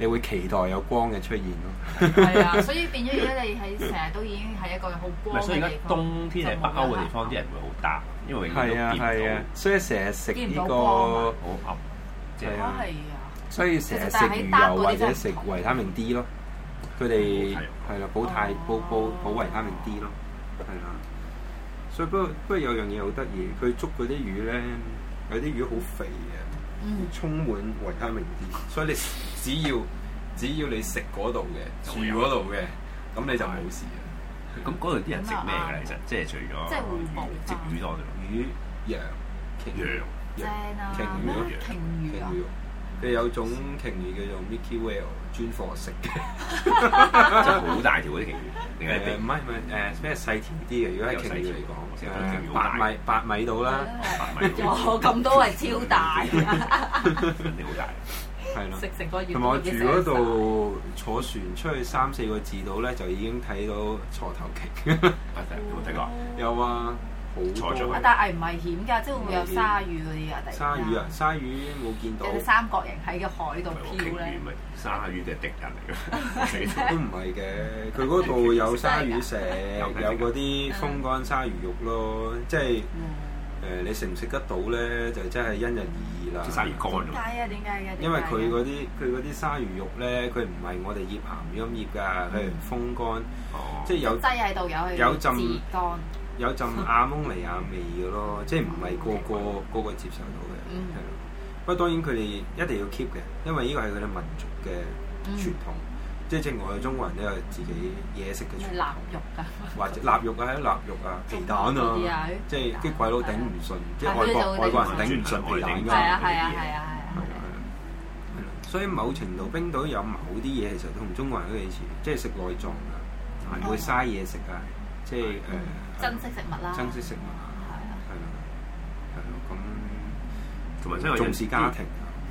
你會期待有光嘅出現咯。係 啊，所以變咗而家你喺成日都已經係一個好光嘅地方。嗯、所以而家冬天喺北歐嘅地方，啲人會好暗，因為永遠都見唔到光。係啊係啊，所以成日食呢個好暗。即係。哦所以成日食魚油或者食維他命 D 咯，佢哋係啦補太補補補維他命 D 咯，係啦。所以不過不過有樣嘢好得意，佢捉嗰啲魚咧，有啲、嗯、魚好肥嘅，mm. 充滿維他命 D。所以你只要只要你食嗰度嘅住嗰度嘅，咁油你就冇事嘅。咁嗰度啲人食咩嘅？其實即係除咗即係魚食魚多啲咯，魚羊鯖羊鯖魚佢有種鯨魚叫做 Mickey Whale，專貨食嘅，真係好大條嗰啲鯨魚。唔係唔係誒咩細條啲嘅， 如果係鯨魚嚟講誒八米 八米到啦，八米。咁都係超大。真係好大。係 咯了。食食個魚。同埋我住嗰度 坐船出去三四個字到咧，就已經睇到座頭鯨、 嗯。有冇聽過？有啊。坐但係危唔危險㗎？即係會唔會有鯊魚嗰啲啊，第一。鯊魚啊，鯊魚冇見到。三角形喺個海度漂咧。鯊魚唔係，鯊魚定敵人嚟㗎。都唔係嘅，佢嗰度有鯊魚食， 有嗰啲風乾鯊魚肉咯，即係誒、嗯呃、你食唔食得到咧，就真係因人而異啦。鯊魚乾。點解啊？點解嘅？因為佢嗰啲佢嗰啲鯊魚肉咧，佢唔係我哋醃鹹、啊、咁醃㗎，佢風乾，哦、即係有劑喺度有有浸乾。有陣亞蒙尼亞味嘅咯，即係唔係個個個接受到嘅，係咯。不過當然佢哋一定要 keep 嘅，因為呢個係佢哋民族嘅傳統，即係正我哋中國人都有自己嘢食嘅傳統。臘肉啊，或者臘肉啊、臘肉啊、皮蛋啊，即係啲鬼佬頂唔順，即係外國外國人頂唔順皮蛋㗎啲嘢。係啊係啊係啊！係啊係所以某程度冰島有某啲嘢，其實同中國人都幾似，即係食內臟啊，唔會嘥嘢食啊，即係誒。珍惜食物啦，珍惜食物，係啊，係啊，係咯。咁同埋真係重視家庭。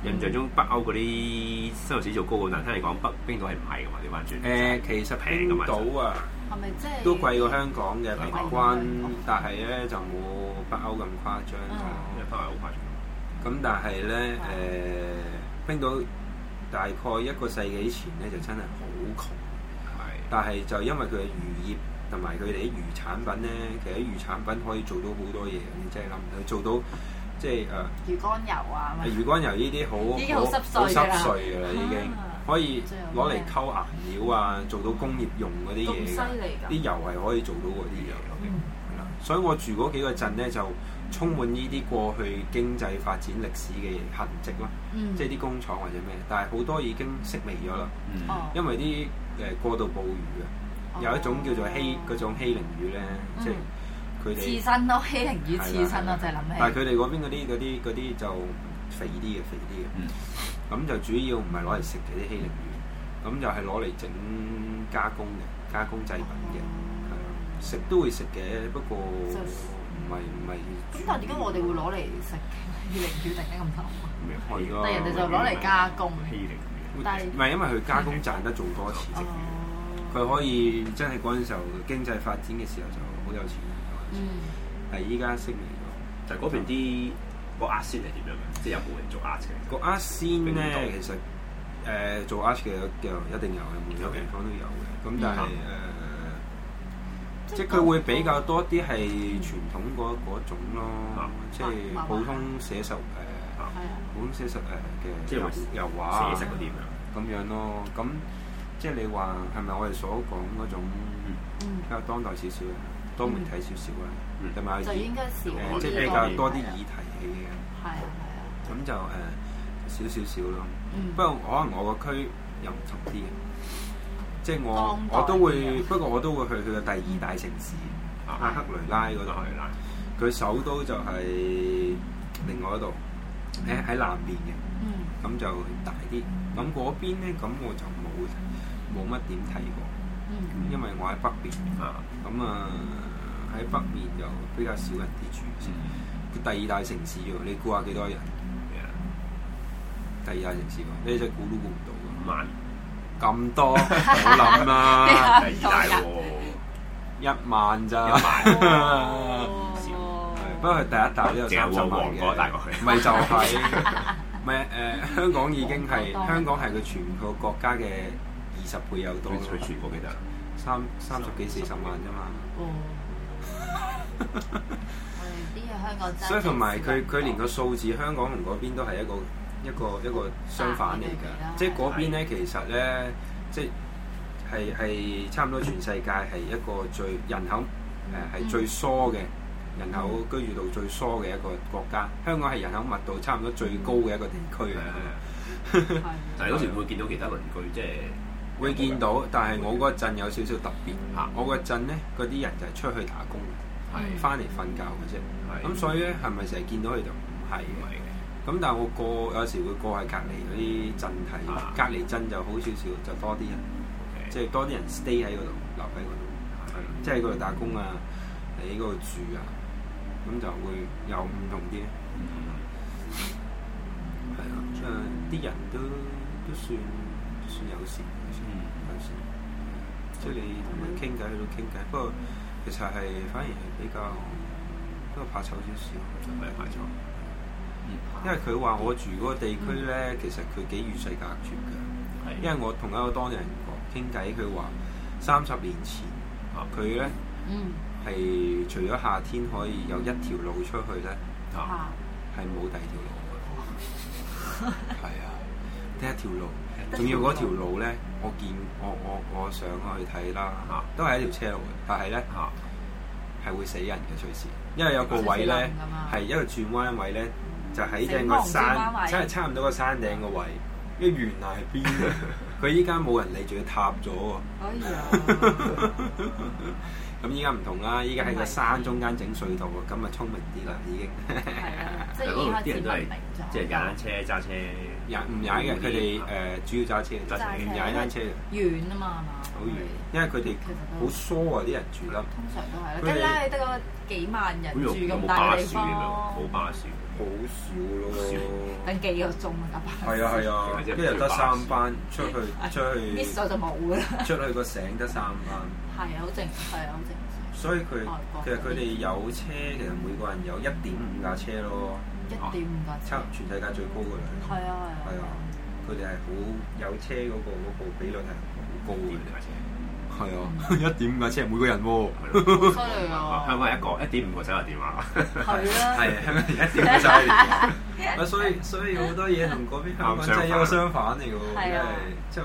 印象中北歐嗰啲生活指數高嘅，但聽你講北冰島係唔係嘅嘛？調翻轉。誒，其實平嘅嘛。啊，係咪即係都貴過香港嘅平均，但係咧就冇北歐咁誇張，因為北歐好誇張。咁但係咧，誒，冰島大概一個世紀前咧就真係好窮，係。但係就因為佢嘅漁業。同埋佢哋啲魚產品咧，其實啲魚產品可以做到好多嘢，你真係諗唔到做到，即係誒、呃、魚肝油啊，魚肝油呢啲好，已經好濕碎嘅啦，已經、嗯、可以攞嚟溝顏料啊，做到工業用嗰啲嘢嘅，啲油係可以做到嗰啲油，所以我住嗰幾個鎮咧，就充滿呢啲過去經濟發展歷史嘅痕跡啦，嗯、即係啲工廠或者咩，但係好多已經式微咗啦，嗯嗯、因為啲誒過度捕魚啊。有一種叫做希嗰種希靈魚咧，即係佢哋刺身咯，希靈魚刺身咯，就係諗起。但係佢哋嗰邊嗰啲嗰啲啲就肥啲嘅，肥啲嘅。咁就主要唔係攞嚟食嗰啲希靈魚，咁就係攞嚟整加工嘅，加工製品嘅。食都會食嘅，不過唔係唔係。咁但係點解我哋會攞嚟食希靈魚，點解咁諗啊？但人哋就攞嚟加工。希靈魚。唔係因為佢加工賺得仲多錢。佢可以真係嗰陣時候經濟發展嘅時候就好有錢，係依家適應咗。就係嗰邊啲個 art scene 係點樣嘅？即係有冇人做 art？個 art scene 咧，其實誒做 art 嘅嘅一定有嘅，每一個地方都有嘅。咁但係誒，即係佢會比較多啲係傳統嗰種咯，即係普通寫實誒，普通寫實誒嘅，即係油畫啊，寫實嗰啲咁樣咯，咁。即係你話係咪我哋所講嗰種比較當代少少啊，多媒體少少啊，係咪啊？就應該少，即係比較多啲議題嘅。係啊，係啊。咁就誒少少少咯。不過可能我個區又唔同啲嘅，即係我我都會，不過我都會去佢嘅第二大城市阿克雷拉嗰度去啦。佢首都就係另外一度喺喺南邊嘅，咁就大啲。咁嗰邊咧咁我就冇。冇乜點睇過，因為我喺北邊，咁啊喺北邊就比較少人啲住先。佢第二大城市喎，你估下幾多人？第二大城市喎，你即係估都估唔到，五萬咁多，好諗啊！第二大喎，一萬咋？不過佢第一大都有三十萬嘅。唔係就係唔係誒？香港已經係香港係佢全個國家嘅。十倍有多，全部記得，三三十幾四十萬啫嘛。哦，我哋啲嘢香港，所以同埋佢佢連個數字香港同嗰邊都係一個一個一個相反嚟㗎的。即係嗰邊咧，其實咧，即係係係差唔多全世界係一個最人口誒係、 呃、最疏嘅人口居住度最疏嘅一個國家。嗯、香港係人口密度差唔多最高嘅一個地區嚟嘅。但係嗰時會見到其他鄰居即係。會見到，但係我個鎮有少少特別嚇，我個鎮咧，嗰啲人就係出去打工嘅，翻嚟瞓覺嘅啫。咁所以咧係咪成日見到佢就唔係嘅？咁但係我過有時會過喺隔離嗰啲鎮係隔離鎮就好少少，就多啲人，即係多啲人 stay 喺嗰度留喺嗰度，即係喺嗰度打工啊，喺嗰度住啊，咁就會有唔同啲。係啊，即係啲人都都算算友善。即你同佢傾偈喺度傾偈，不過其實係反而係比較，不過怕醜少少，唔係怕醜。因為佢話我住嗰個地區咧，其實佢幾與世隔絕㗎。因為我同一個當地人講傾偈，佢話三十年前佢咧係除咗夏天可以有一條路出去咧，係冇第二條路㗎。係 啊，第一條路。仲要嗰條路咧，我見我我我上去睇啦嚇，都係一條車路，但係咧嚇係會死人嘅隨時，因為有個位咧係一個轉彎位咧，就喺正個山，即係差唔多個山頂個位，原來係邊啊！佢依家冇人理，仲要塌咗喎。可以啊！咁依家唔同啦，依家喺個山中間整隧道喎，咁啊聰明啲啦已經。係啊！即係啲人都係即係踩車揸車。唔踩嘅？佢哋誒主要揸車，就唔踩單車嘅。遠啊嘛，係嘛？好遠，因為佢哋好疏啊，啲人住啦，通常都係，即係你得嗰幾萬人住咁大地方，冇巴士，好少咯。等幾個鐘啊巴士？係啊係啊，一日得三班出去出去。miss 咗就冇㗎啦。出去個城得三班。係啊，好靜，係啊，好正常。所以佢其實佢哋有車，其實每個人有一點五架車咯。一點五架車，差全世界最高嘅量。係啊係啊，係啊，佢哋係好有車，嗰個嗰個比率係好高嘅架車。係啊，一點五架車每個人喎。香港一個一點五個手提電話。係啊，係香港一點五個手提。咁所以所以好多嘢同嗰邊香港真係一個相反嚟嘅喎，即係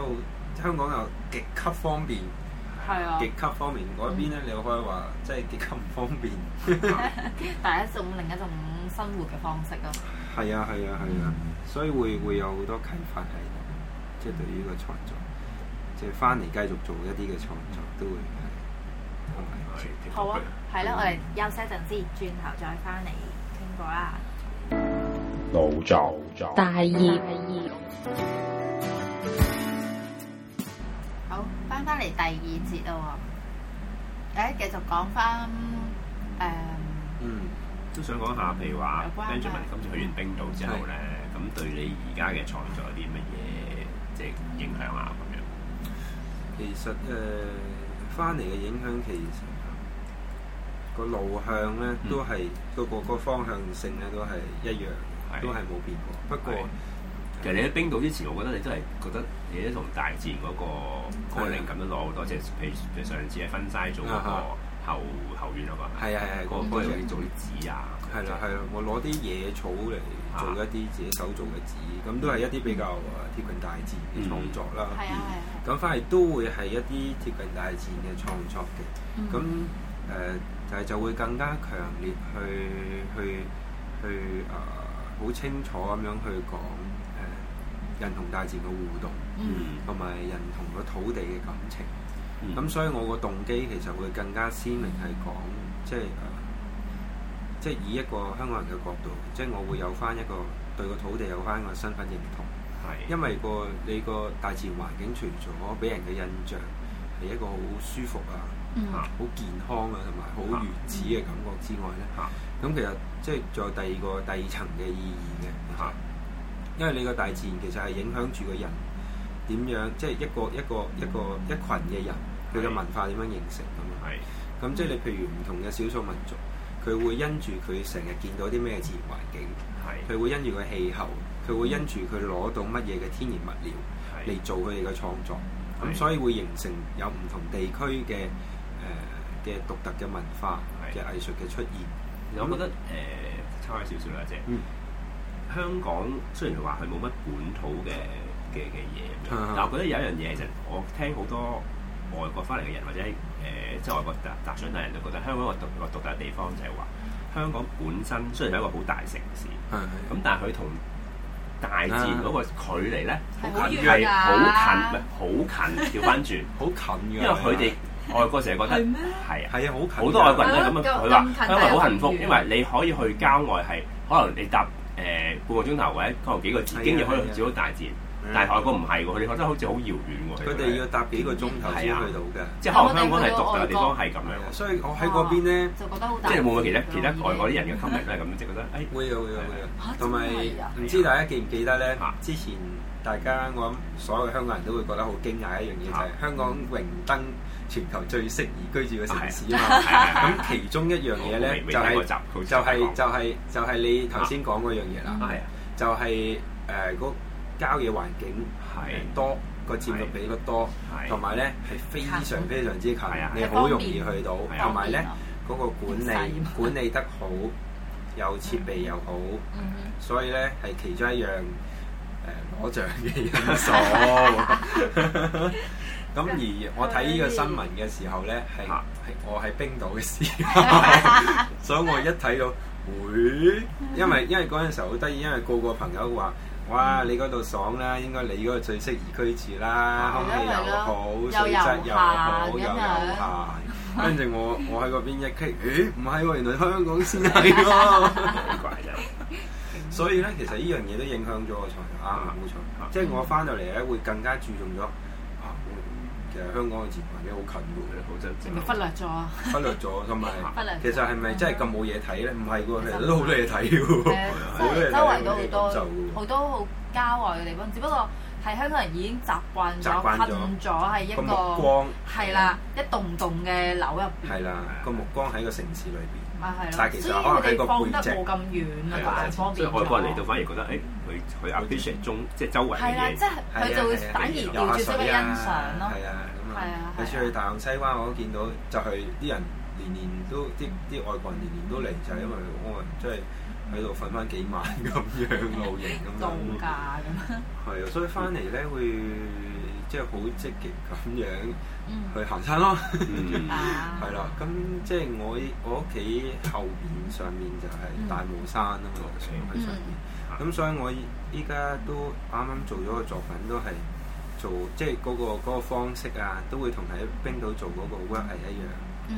香港又極級方便，係啊，極級方便。嗰邊咧你可以話即係極級唔方便。第一仲五，零，一十五。生活嘅方式咯，啊，係啊係啊係啊，所以會會有好多啟發喺度，即係對於個創作，即係翻嚟繼續做一啲嘅創作都會係，好啊，係啦，我哋休息陣先，轉頭再翻嚟傾過啦。腦作大業，好翻翻嚟第二節啦喎，哦，誒繼續講翻誒、呃、嗯。都想講下，譬如話 Benjamin，今次去完冰島之後咧，咁的對你而家嘅創作有啲乜嘢即係影響啊？咁樣其實誒翻嚟嘅影響，其實個路向咧都係、嗯嗰個嗰個、嗰個方向性咧都係一樣，的都係冇變過。不過的、嗯、其實你喺冰島之前，我覺得你真係覺得你同大自然嗰個嗰個靈感攞好多，即係譬如上次喺分塞做嗰個。後後院啊嘛，係啊係啊，嗰嗰啲做啲紙啊，係啦係啊。我攞啲野草嚟做一啲自己手做嘅紙，咁都係一啲比較貼近大自然嘅創作啦。係咁反而都會係一啲貼近大自然嘅創作嘅。咁誒、呃、就就會更加強烈去去去啊，好、呃、清楚咁樣去講誒、呃、人同大自然嘅互動，同埋、嗯、人同個土地嘅感情。咁所以，我個動機其實會更加鮮明，係講即係即係以一個香港人嘅角度，即係我會有翻一個對個土地有翻個身份認同。係因為個你個大自然環境除咗俾人嘅印象係一個好舒服啊，好健康啊，同埋好原始嘅感覺之外咧，咁其實即係仲有第二個第二層嘅意義嘅嚇，因為你個大自然其實係影響住個人點樣，即係一個一個一個一群嘅人。佢嘅文化點樣形成咁啊？咁是即係你，譬如唔同嘅少數民族，佢會因住佢成日見到啲咩自然環境，佢是會因住個氣候，佢會因住佢攞到乜嘢嘅天然物料嚟做佢哋嘅創作。咁是所以會形成有唔同地區嘅誒嘅獨特嘅文化嘅是藝術嘅出現。我覺得誒、嗯呃、差開少少啦，即係香港雖然話係冇乜本土嘅嘅嘅嘢，但我覺得有一樣嘢就我聽好多，外國翻嚟嘅人或者誒，即係外國大、大專大人都覺得香港個獨個獨特嘅地方就係話，香港本身雖然係一個好大城市，咁但係佢同大自然嗰個距離咧，好近㗎，好近係好近，調翻轉好近嘅，因為佢哋外國成日覺得係啊，係啊，好近，好多外國人都係咁啊，佢話香港好幸福，因為你可以去郊外係可能你搭誒半個鐘頭或者可能幾個字，竟然可以去照到大自然。但係外國唔係喎，佢哋覺得好似好遙遠喎。佢哋要搭幾個鐘頭先去到嘅。即係香港係獨特嘅地方係咁樣。所以我喺嗰邊咧，就覺得好。即係冇其他其他外國啲人嘅看法都係咁，即係覺得誒，會啊會啊會啊。同埋唔知大家記唔記得咧？之前大家我諗所有香港人都會覺得好驚訝一樣嘢就係香港榮登全球最適宜居住嘅城市啊嘛。咁其中一樣嘢咧就係就係就係就係你頭先講嗰樣嘢啦。係就係誒。交易環境係多，個佔嘅比率多，同埋咧係非常非常之近，你好容易去到，同埋咧嗰個管理管理得好，又設備又好，所以咧係其中一樣誒攞獎嘅因素。咁而我睇呢個新聞嘅時候咧，係我喺冰島嘅時候，所以我一睇到，會因為因為嗰陣時候好得意，因為個個朋友話。哇！嗯、你嗰度爽啦，應該你嗰度最適宜居住啦，啊、空氣又好，又水質又好，又有限。跟住 我，我喺嗰邊一傾，誒唔係喎，原來香港先係喎，好怪咋。所以咧，其實呢樣嘢都影響咗我財，嗯、啊冇錯，即係、啊、我翻到嚟咧，會更加注重咗。其實香港嘅前排已經好近嘅喎，我就係咪忽略咗？忽略咗，同埋其實係咪真係咁冇嘢睇咧？唔係喎，其實都好多嘢睇嘅喎，因為周圍都好多好多好郊外嘅地方，只不過係香港人已經習慣咗近咗係一個光係啦一棟棟嘅樓入邊。係啦，個目光喺個城市裏邊，但係其實可能喺個放得冇咁遠嘅範疇，所以外國嚟到反而覺得誒。去有啲賞中，即係周圍嘅嘢。即係，佢就會反而調轉咗欣賞咯。係啊，咁啊，上次去大洋西灣，我都見到，就係啲人年年都啲啲外國人年年都嚟，就係因為我話即係喺度瞓翻幾晚咁樣露營咁樣。度假咁。係啊，所以翻嚟咧會即係好積極咁樣去行山咯。係啦，咁即係我我屋企後面上面就係大帽山啊嘛，上喺上面。咁、嗯、所以，我依家都啱啱做咗個作品都，都係做即係嗰個方式啊，都會同喺冰島做嗰個 work 係一樣。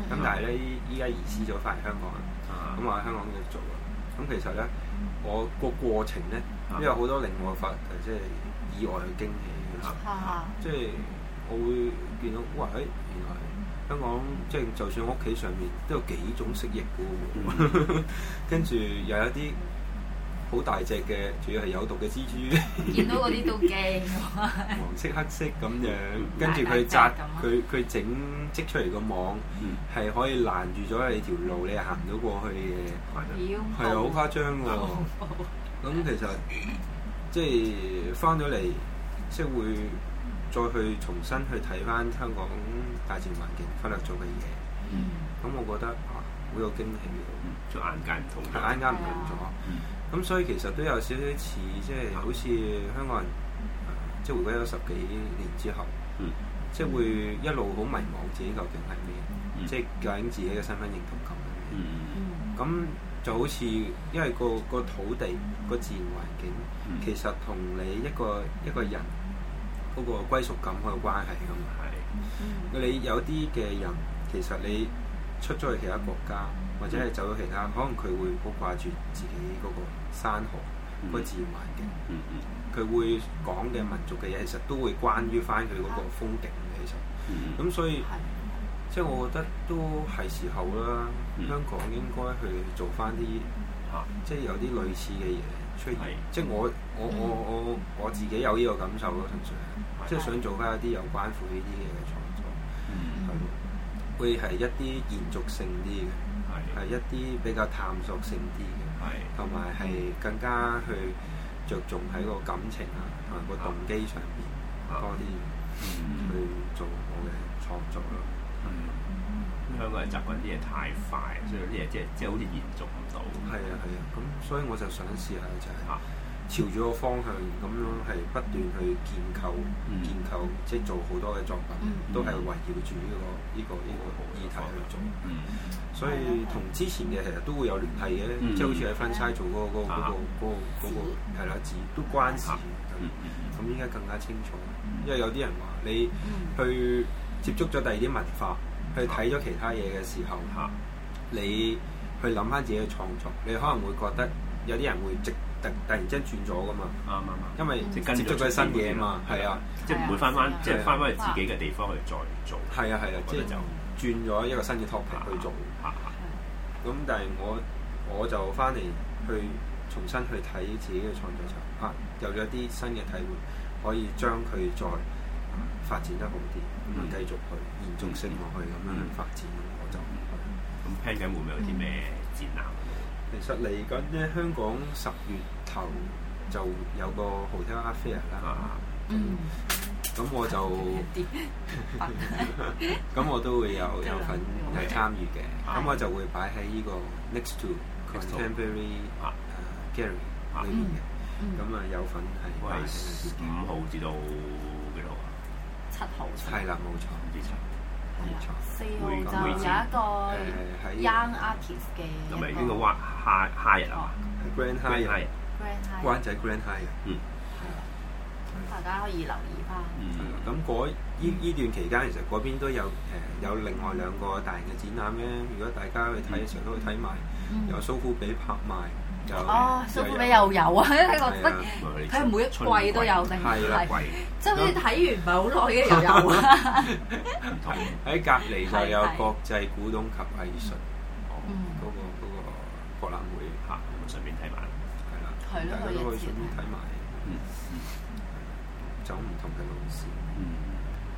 咁、嗯、但係咧，依家移師咗翻嚟香港，咁我喺香港繼續做啊。咁其實咧，我個過程咧都有好多另外嘅發達誒，即係意外嘅驚喜，即係我會見到哇誒、欸，原來香港即係、就係、就算屋企上面都有幾種蜥蜴喎，嗯、 跟住又有啲。好大隻嘅，主要係有毒嘅蜘蛛，見到嗰啲都驚㗎嘛！黃色、黑色咁樣，跟住佢扎佢佢整織出嚟個網，係可以攔住咗你條路，你行唔到過去嘅。妖，係啊，好誇張喎！咁其實即係翻咗嚟，即係會再去重新去睇翻香港大自然環境忽略咗嘅嘢。咁我覺得好有驚喜，就眼界唔同，眼界唔同咗。咁所以其實都有少少似即係好似香港人，即係回歸咗十幾年之後，嗯、即係會一路好迷茫自己究竟係咩，嗯、即係究竟自己嘅身份認同感係咩。咁、嗯、就好似因為、個、個土地、個自然環境，嗯、其實同你一個一個人嗰個歸屬感好有關係㗎嘛。嗯、你有啲嘅人其實你出咗去其他國家。或者係走咗其他，可能佢會好掛住自己嗰個山河嗰個、嗯、自然環境。佢、嗯嗯、會講嘅民族嘅嘢，其實都會關於翻佢嗰個風景嘅。其實咁所以、嗯、即係我覺得都係時候啦。嗯、香港應該去做翻啲、嗯、即係有啲類似嘅嘢出現。嗯、即係我我我我我自己有呢個感受咯，純粹係即係想做翻一啲有關乎呢啲嘢嘅創作，係咯、嗯嗯，會係一啲延續性啲嘅。係一啲比較探索性啲嘅，同埋係更加去着重喺個感情啊，同埋個動機上面、啊、多啲去做我嘅創作咯。咁香港人習慣啲嘢太快，所以啲嘢即係即係好似延續唔到。係啊係啊，咁所以我就想試下就係。啊。朝住個方向咁樣係不斷去建構、建構，即係做好多嘅作品，都係圍繞住呢個、呢個、呢個議題去做。所以同之前嘅其實都會有聯繫嘅，即係好似喺分差做嗰個、嗰個、嗰個、嗰個係啦，字都關事。咁應該更加清楚，因為有啲人話你去接觸咗第二啲文化，去睇咗其他嘢嘅時候嚇，你去諗翻自己嘅創作，你可能會覺得有啲人會直。突然之間轉咗噶嘛，啱啱啱，因為接咗佢新嘢啊嘛，係啊，即係唔會翻翻，即係翻翻去自己嘅地方去再做，係啊係啊，即係就轉咗一個新嘅 topic 去做，咁但係我我就翻嚟去重新去睇自己嘅創作場，啊，有咗啲新嘅體會，可以將佢再發展得好啲，咁繼續去延續性落去，咁樣去發展，我就唔去。咁 plan 緊會唔會有啲咩展覽？其實嚟緊咧，香港十月頭就有個 hotel affair 啦。嗯。咁我就，咁我都會有有份係參與嘅。咁我就會擺喺呢個 next to contemporary gallery 裏邊嘅。咁啊有份係。係五號至到幾號啊？七號。係啦，冇錯。四會有一個喺 young artist 嘅，咁係邊個灣？High High 啊 Grand High 人，灣仔 Grand High。嗯。係、那、啊、個，咁大家可以留意翻。嗯。咁嗰依依段期間，其實嗰邊都有誒有另外兩個大型嘅展覽嘅。如果大家去睇嘅時候都可以睇埋，有蘇富比拍賣。 哦，蘇富比又有啊！呢個，佢係每一季都有定係？即係好似睇完唔係好耐嘅又有啦。喺隔籬就有國際古董及藝術，哦，嗰個嗰個國冷會嚇，咁順便睇埋，係啦，係咯，大家都可以順便睇埋，走唔同嘅路線，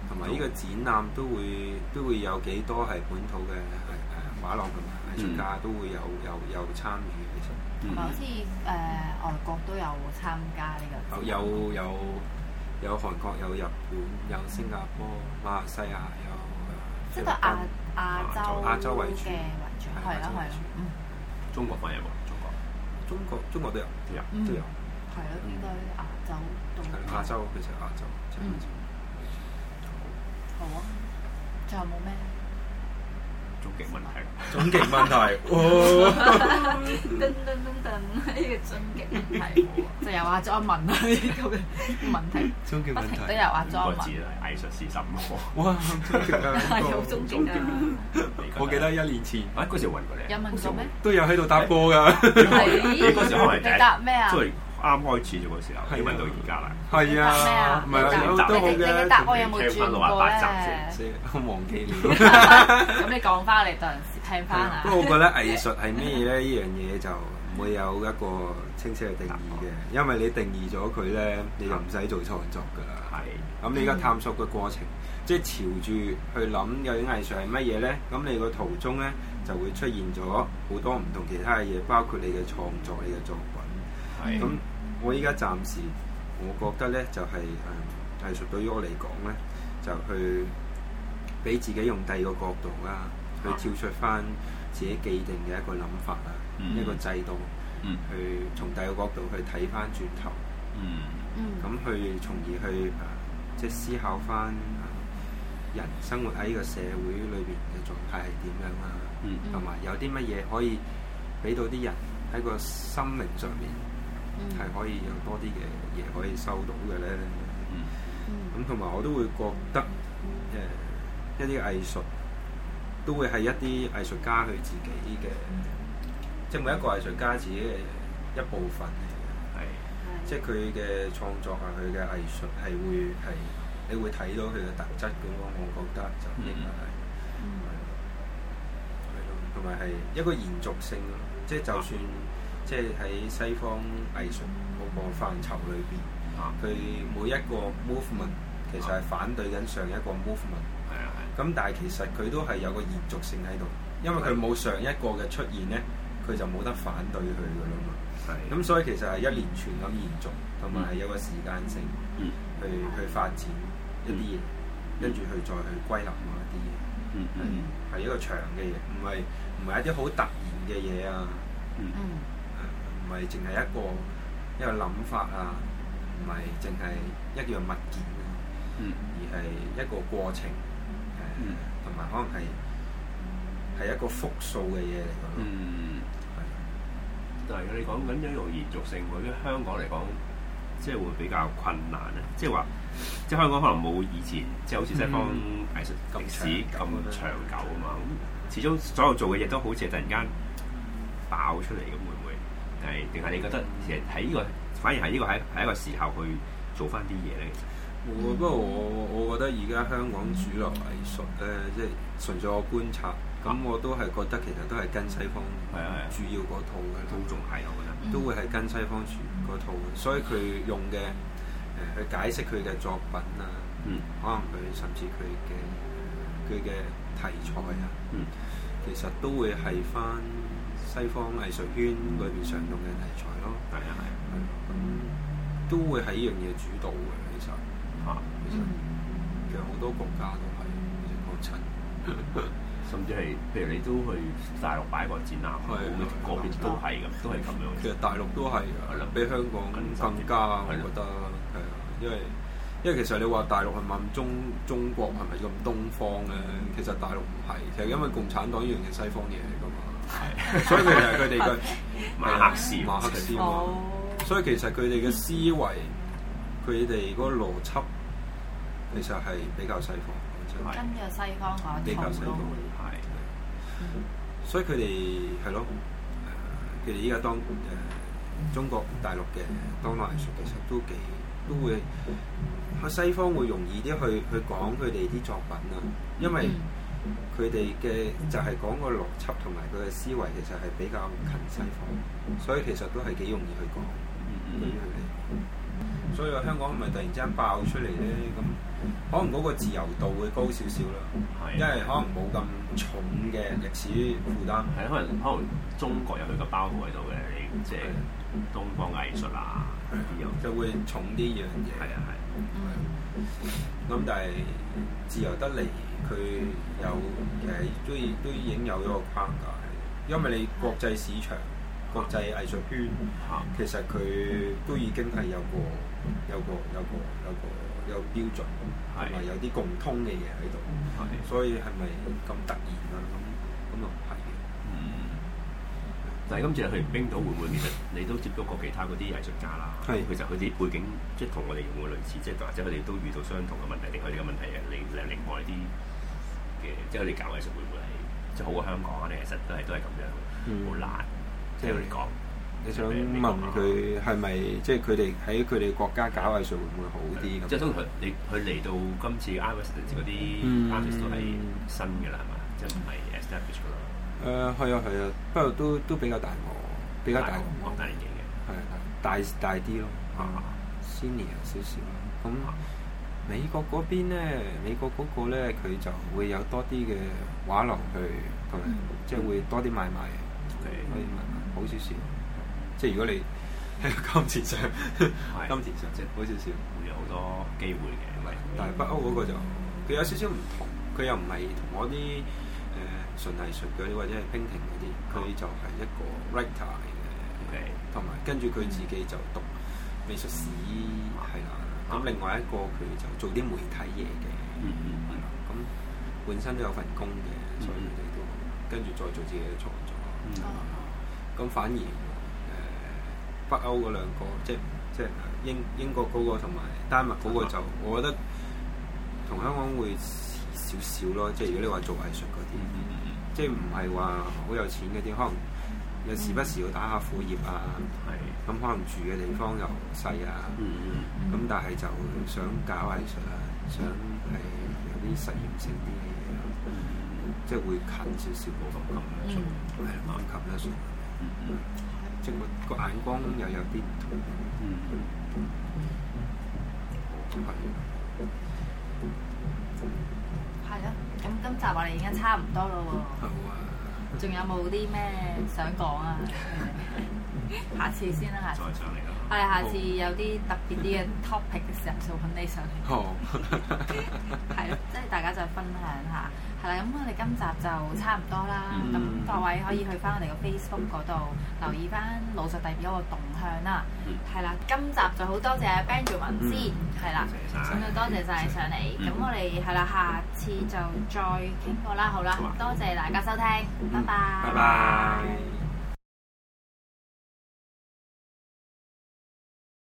同埋呢個展覽都會都會有幾多係本土嘅。畫廊咁啊，藝術家都會有有有參與嘅，其實。嗱，好似誒外國都有參加呢個。有有有韓國有日本有新加坡馬來西亞有。即係亞亞洲嘅為主係咯。中國冇有冇？中國中國中國都有都有都有。係咯，應該亞洲東亞。亞洲其實亞洲真係主要。好啊，仲有冇咩終極問題，終極問題，哦，噔噔噔噔，呢個終極問題，就有啊，莊文啊，呢啲咁嘅問題，終極問題，都有啊，莊文啊，藝術是什麼？哇，終極啊，我記得一年前，嗰時揾過你，有問過咩？都有喺度答過噶，嗰時你答咩啊？啱開始啫喎，時候已經問到而家啦。係啊，咩啊？唔係啊，都好嘅。仲有冇睇翻六十八集先？我忘記咗。咁你講翻嚟，到陣時聽翻下。不過我覺得藝術係咩嘢咧？呢樣嘢就唔會有一個清晰嘅定義嘅，因為你定義咗佢咧，你就唔使做創作㗎啦。係。咁你而家探索嘅過程，即係朝住去諗究竟藝術係乜嘢咧？咁你個途中咧就會出現咗好多唔同其他嘅嘢，包括你嘅創作，你嘅作。咁，嗯、我依家暫時，我覺得咧就係誒藝術對於我嚟講咧，就去俾自己用第二個角度啦、啊，啊、去跳出翻自己既定嘅一個諗法啊，嗯、一個制度，嗯嗯、去從第二個角度去睇翻轉頭，咁、嗯嗯、去從而去即係、啊就係、思考翻、啊、人生活喺呢個社會裏邊嘅狀態係點樣啊，同埋有啲乜嘢可以俾到啲人喺個心靈上面。係可以有多啲嘅嘢可以收到嘅咧。咁同埋我都會覺得，誒一啲藝術都會係一啲藝術家佢自己嘅，即係每一個藝術家自己嘅一部分嚟嘅。係，即係佢嘅創作呀，佢嘅藝術係會係，你會睇到佢嘅特質咁咯。我覺得就應該係。係咯、mm，同埋係一個延續性咯，即係就算。Dr. 即係喺西方藝術嗰個範疇裏邊，佢、嗯、每一個 movement 其實係反對緊上一個 movement。係啊係。咁但係其實佢都係有個延續性喺度，因為佢冇上一個嘅出現咧，佢就冇得反對佢㗎啦嘛。係、嗯。咁所以其實係一連串咁延續，同埋有個時間性去、嗯、去，去發展一啲嘢，跟住佢再去歸納埋啲嘢。嗯嗯。係是、嗯、一個長嘅嘢，唔係唔係一啲好突然嘅嘢啊。嗯。嗯。唔係淨係一個一個諗法啊，唔係淨係一樣物件啊，嗯、而係一個過程、啊，同埋、嗯、可能係係一個複數嘅嘢嚟嘅咯。嗯，係。但係如果你講緊樣個延續性，我覺得香港嚟講即係會比較困難啊！即係話即係香港可能冇以前，即係好似西方藝術、嗯、歷史咁長久啊嘛。咁、嗯、始終所有做嘅嘢都好似係突然間爆出嚟咁。係，定係你覺得其實喺呢個反而係呢、呢個係係一個時候去做翻啲嘢咧？不過我我覺得而家香港主流藝術咧、呃，即係純粹我觀察，咁我都係覺得其實都係跟西方主要嗰套嘅都仲係，我覺得都會係跟西方主要嗰套，所以佢用嘅誒、呃、去解釋佢嘅作品啊，啊啊啊嗯、可能佢甚至佢嘅佢嘅題材啊，其實都會係翻。西方藝術圈裏邊常用嘅題材咯，係啊係，咁都會係依樣嘢主導嘅其實，嚇其實其實好多國家都係，好似港七，甚至係譬如你都去大陸擺個展覽，每個都係嘅，都係咁樣。其實大陸都係比香港更加，我覺得，係啊，因為因為其實你話大陸係咪中中國係咪咁東方嘅，其實大陸唔係，其實因為共產黨依樣嘢西方嘢嚟㗎嘛。係， 所以其實佢哋嘅馬克思，馬克思嘛，所以其實佢哋嘅思維，佢哋嗰個邏輯，其實係比較西方，跟住西方講，比較西方，係的，所以佢哋係咯，佢哋依家當誒中國大陸嘅當代藝術，其實都幾都會喺西方會容易啲去去講佢哋啲作品啊，因為。佢哋嘅就係講個邏輯同埋佢嘅思維其實係比較近西方，所以其實都係幾容易去講。嗯嗯。所以話香港唔係突然之間爆出嚟咧，咁可能嗰個自由度會高少少啦。係的。因為可能冇咁重嘅歷史負擔，係可能可能中國有佢嘅包袱喺度嘅，即係東方藝術啊即係。的由就會重啲樣嘢。係啊係嗯。咁但係自由得嚟。佢有誒，都已都已經有咗個框架，因為你國際市場、國際藝術圈，其實佢都已經係有個有個有個有個有標準，同有啲共通嘅嘢喺度，的所以係咪咁突然啊？咁咁又唔係嘅。嗯，但係今次去冰島會唔會？其實你都接觸過其他嗰啲藝術家啦，的其實佢哋背景即係同我哋會類似，即係或者佢哋都遇到相同嘅問題，定係佢哋嘅問題係另另外啲。即係佢哋搞藝術會唔會係就好過香港？你其實都係都係咁樣，好難。即係佢哋講，你想問佢係咪即係佢哋喺佢哋國家搞藝術會唔會好啲咁？即係當佢你佢嚟到今次 Ivestions 嗰啲 Ivestions 都係新嘅啦，係嘛？即係唔係 established 啦？誒係啊係啊，不過都都比較大幕，比較大幕大年紀嘅，係大大啲咯。Senior 少少咁。美國嗰邊咧，美國嗰個咧，佢就會有多啲嘅畫廊去，同埋、嗯、即係會多啲買賣，Okay. 可以啲買，好少少。即係如果你喺金錢上，金錢 Okay. 上即係好少少，會有好多機會嘅。喂，Right. 但係北歐嗰個就佢、嗯、有少少唔同，佢又唔係同我啲誒純藝術嗰啲或者係 Painting 嗰啲，佢 Okay. 就係一個 writer 嘅。O.K. 同埋跟住佢自己就讀美術史係啦。嗯嗯咁另外一個佢就做啲媒體嘢嘅，係啦、嗯，咁、嗯嗯、本身都有份工嘅，嗯、所以佢哋都、嗯、跟住再做自己嘅創作。咁反而誒、呃、北歐嗰兩個，即係即係英英國嗰個同埋丹麥嗰個就，就、嗯、我覺得同香港會少少咯。即係如果你話做藝術嗰啲，即係唔係話好有錢嗰啲，可能。又時不時要打下副業啊，咁可能住嘅地方又細啊，咁但係就想搞藝術啊，想係有啲實驗性啲嘅嘢，即係會近少少冇咁琴咁樣做，係啦，波琴算，即係個眼光又有啲，嗯，好，啊，係咯，咁今集我哋已經差唔多啦喎。好啊。仲有冇啲咩想講啊？ 下次先啦，係。再上嚟。係，下次有啲特別啲嘅 topic 嘅時候，就揾你上嚟。好。係咯，即係大家就分享下。係啦，咁我哋今集就差唔多啦。咁各位可以去翻我哋個 Facebook 嗰度，留意翻腦作大業嗰個動向啦。係啦，今集就好多謝 Benjamin 先，係啦，咁就多謝晒你上嚟。咁我哋係啦，下次就再傾過啦。好啦，多謝大家收聽，拜拜。拜拜。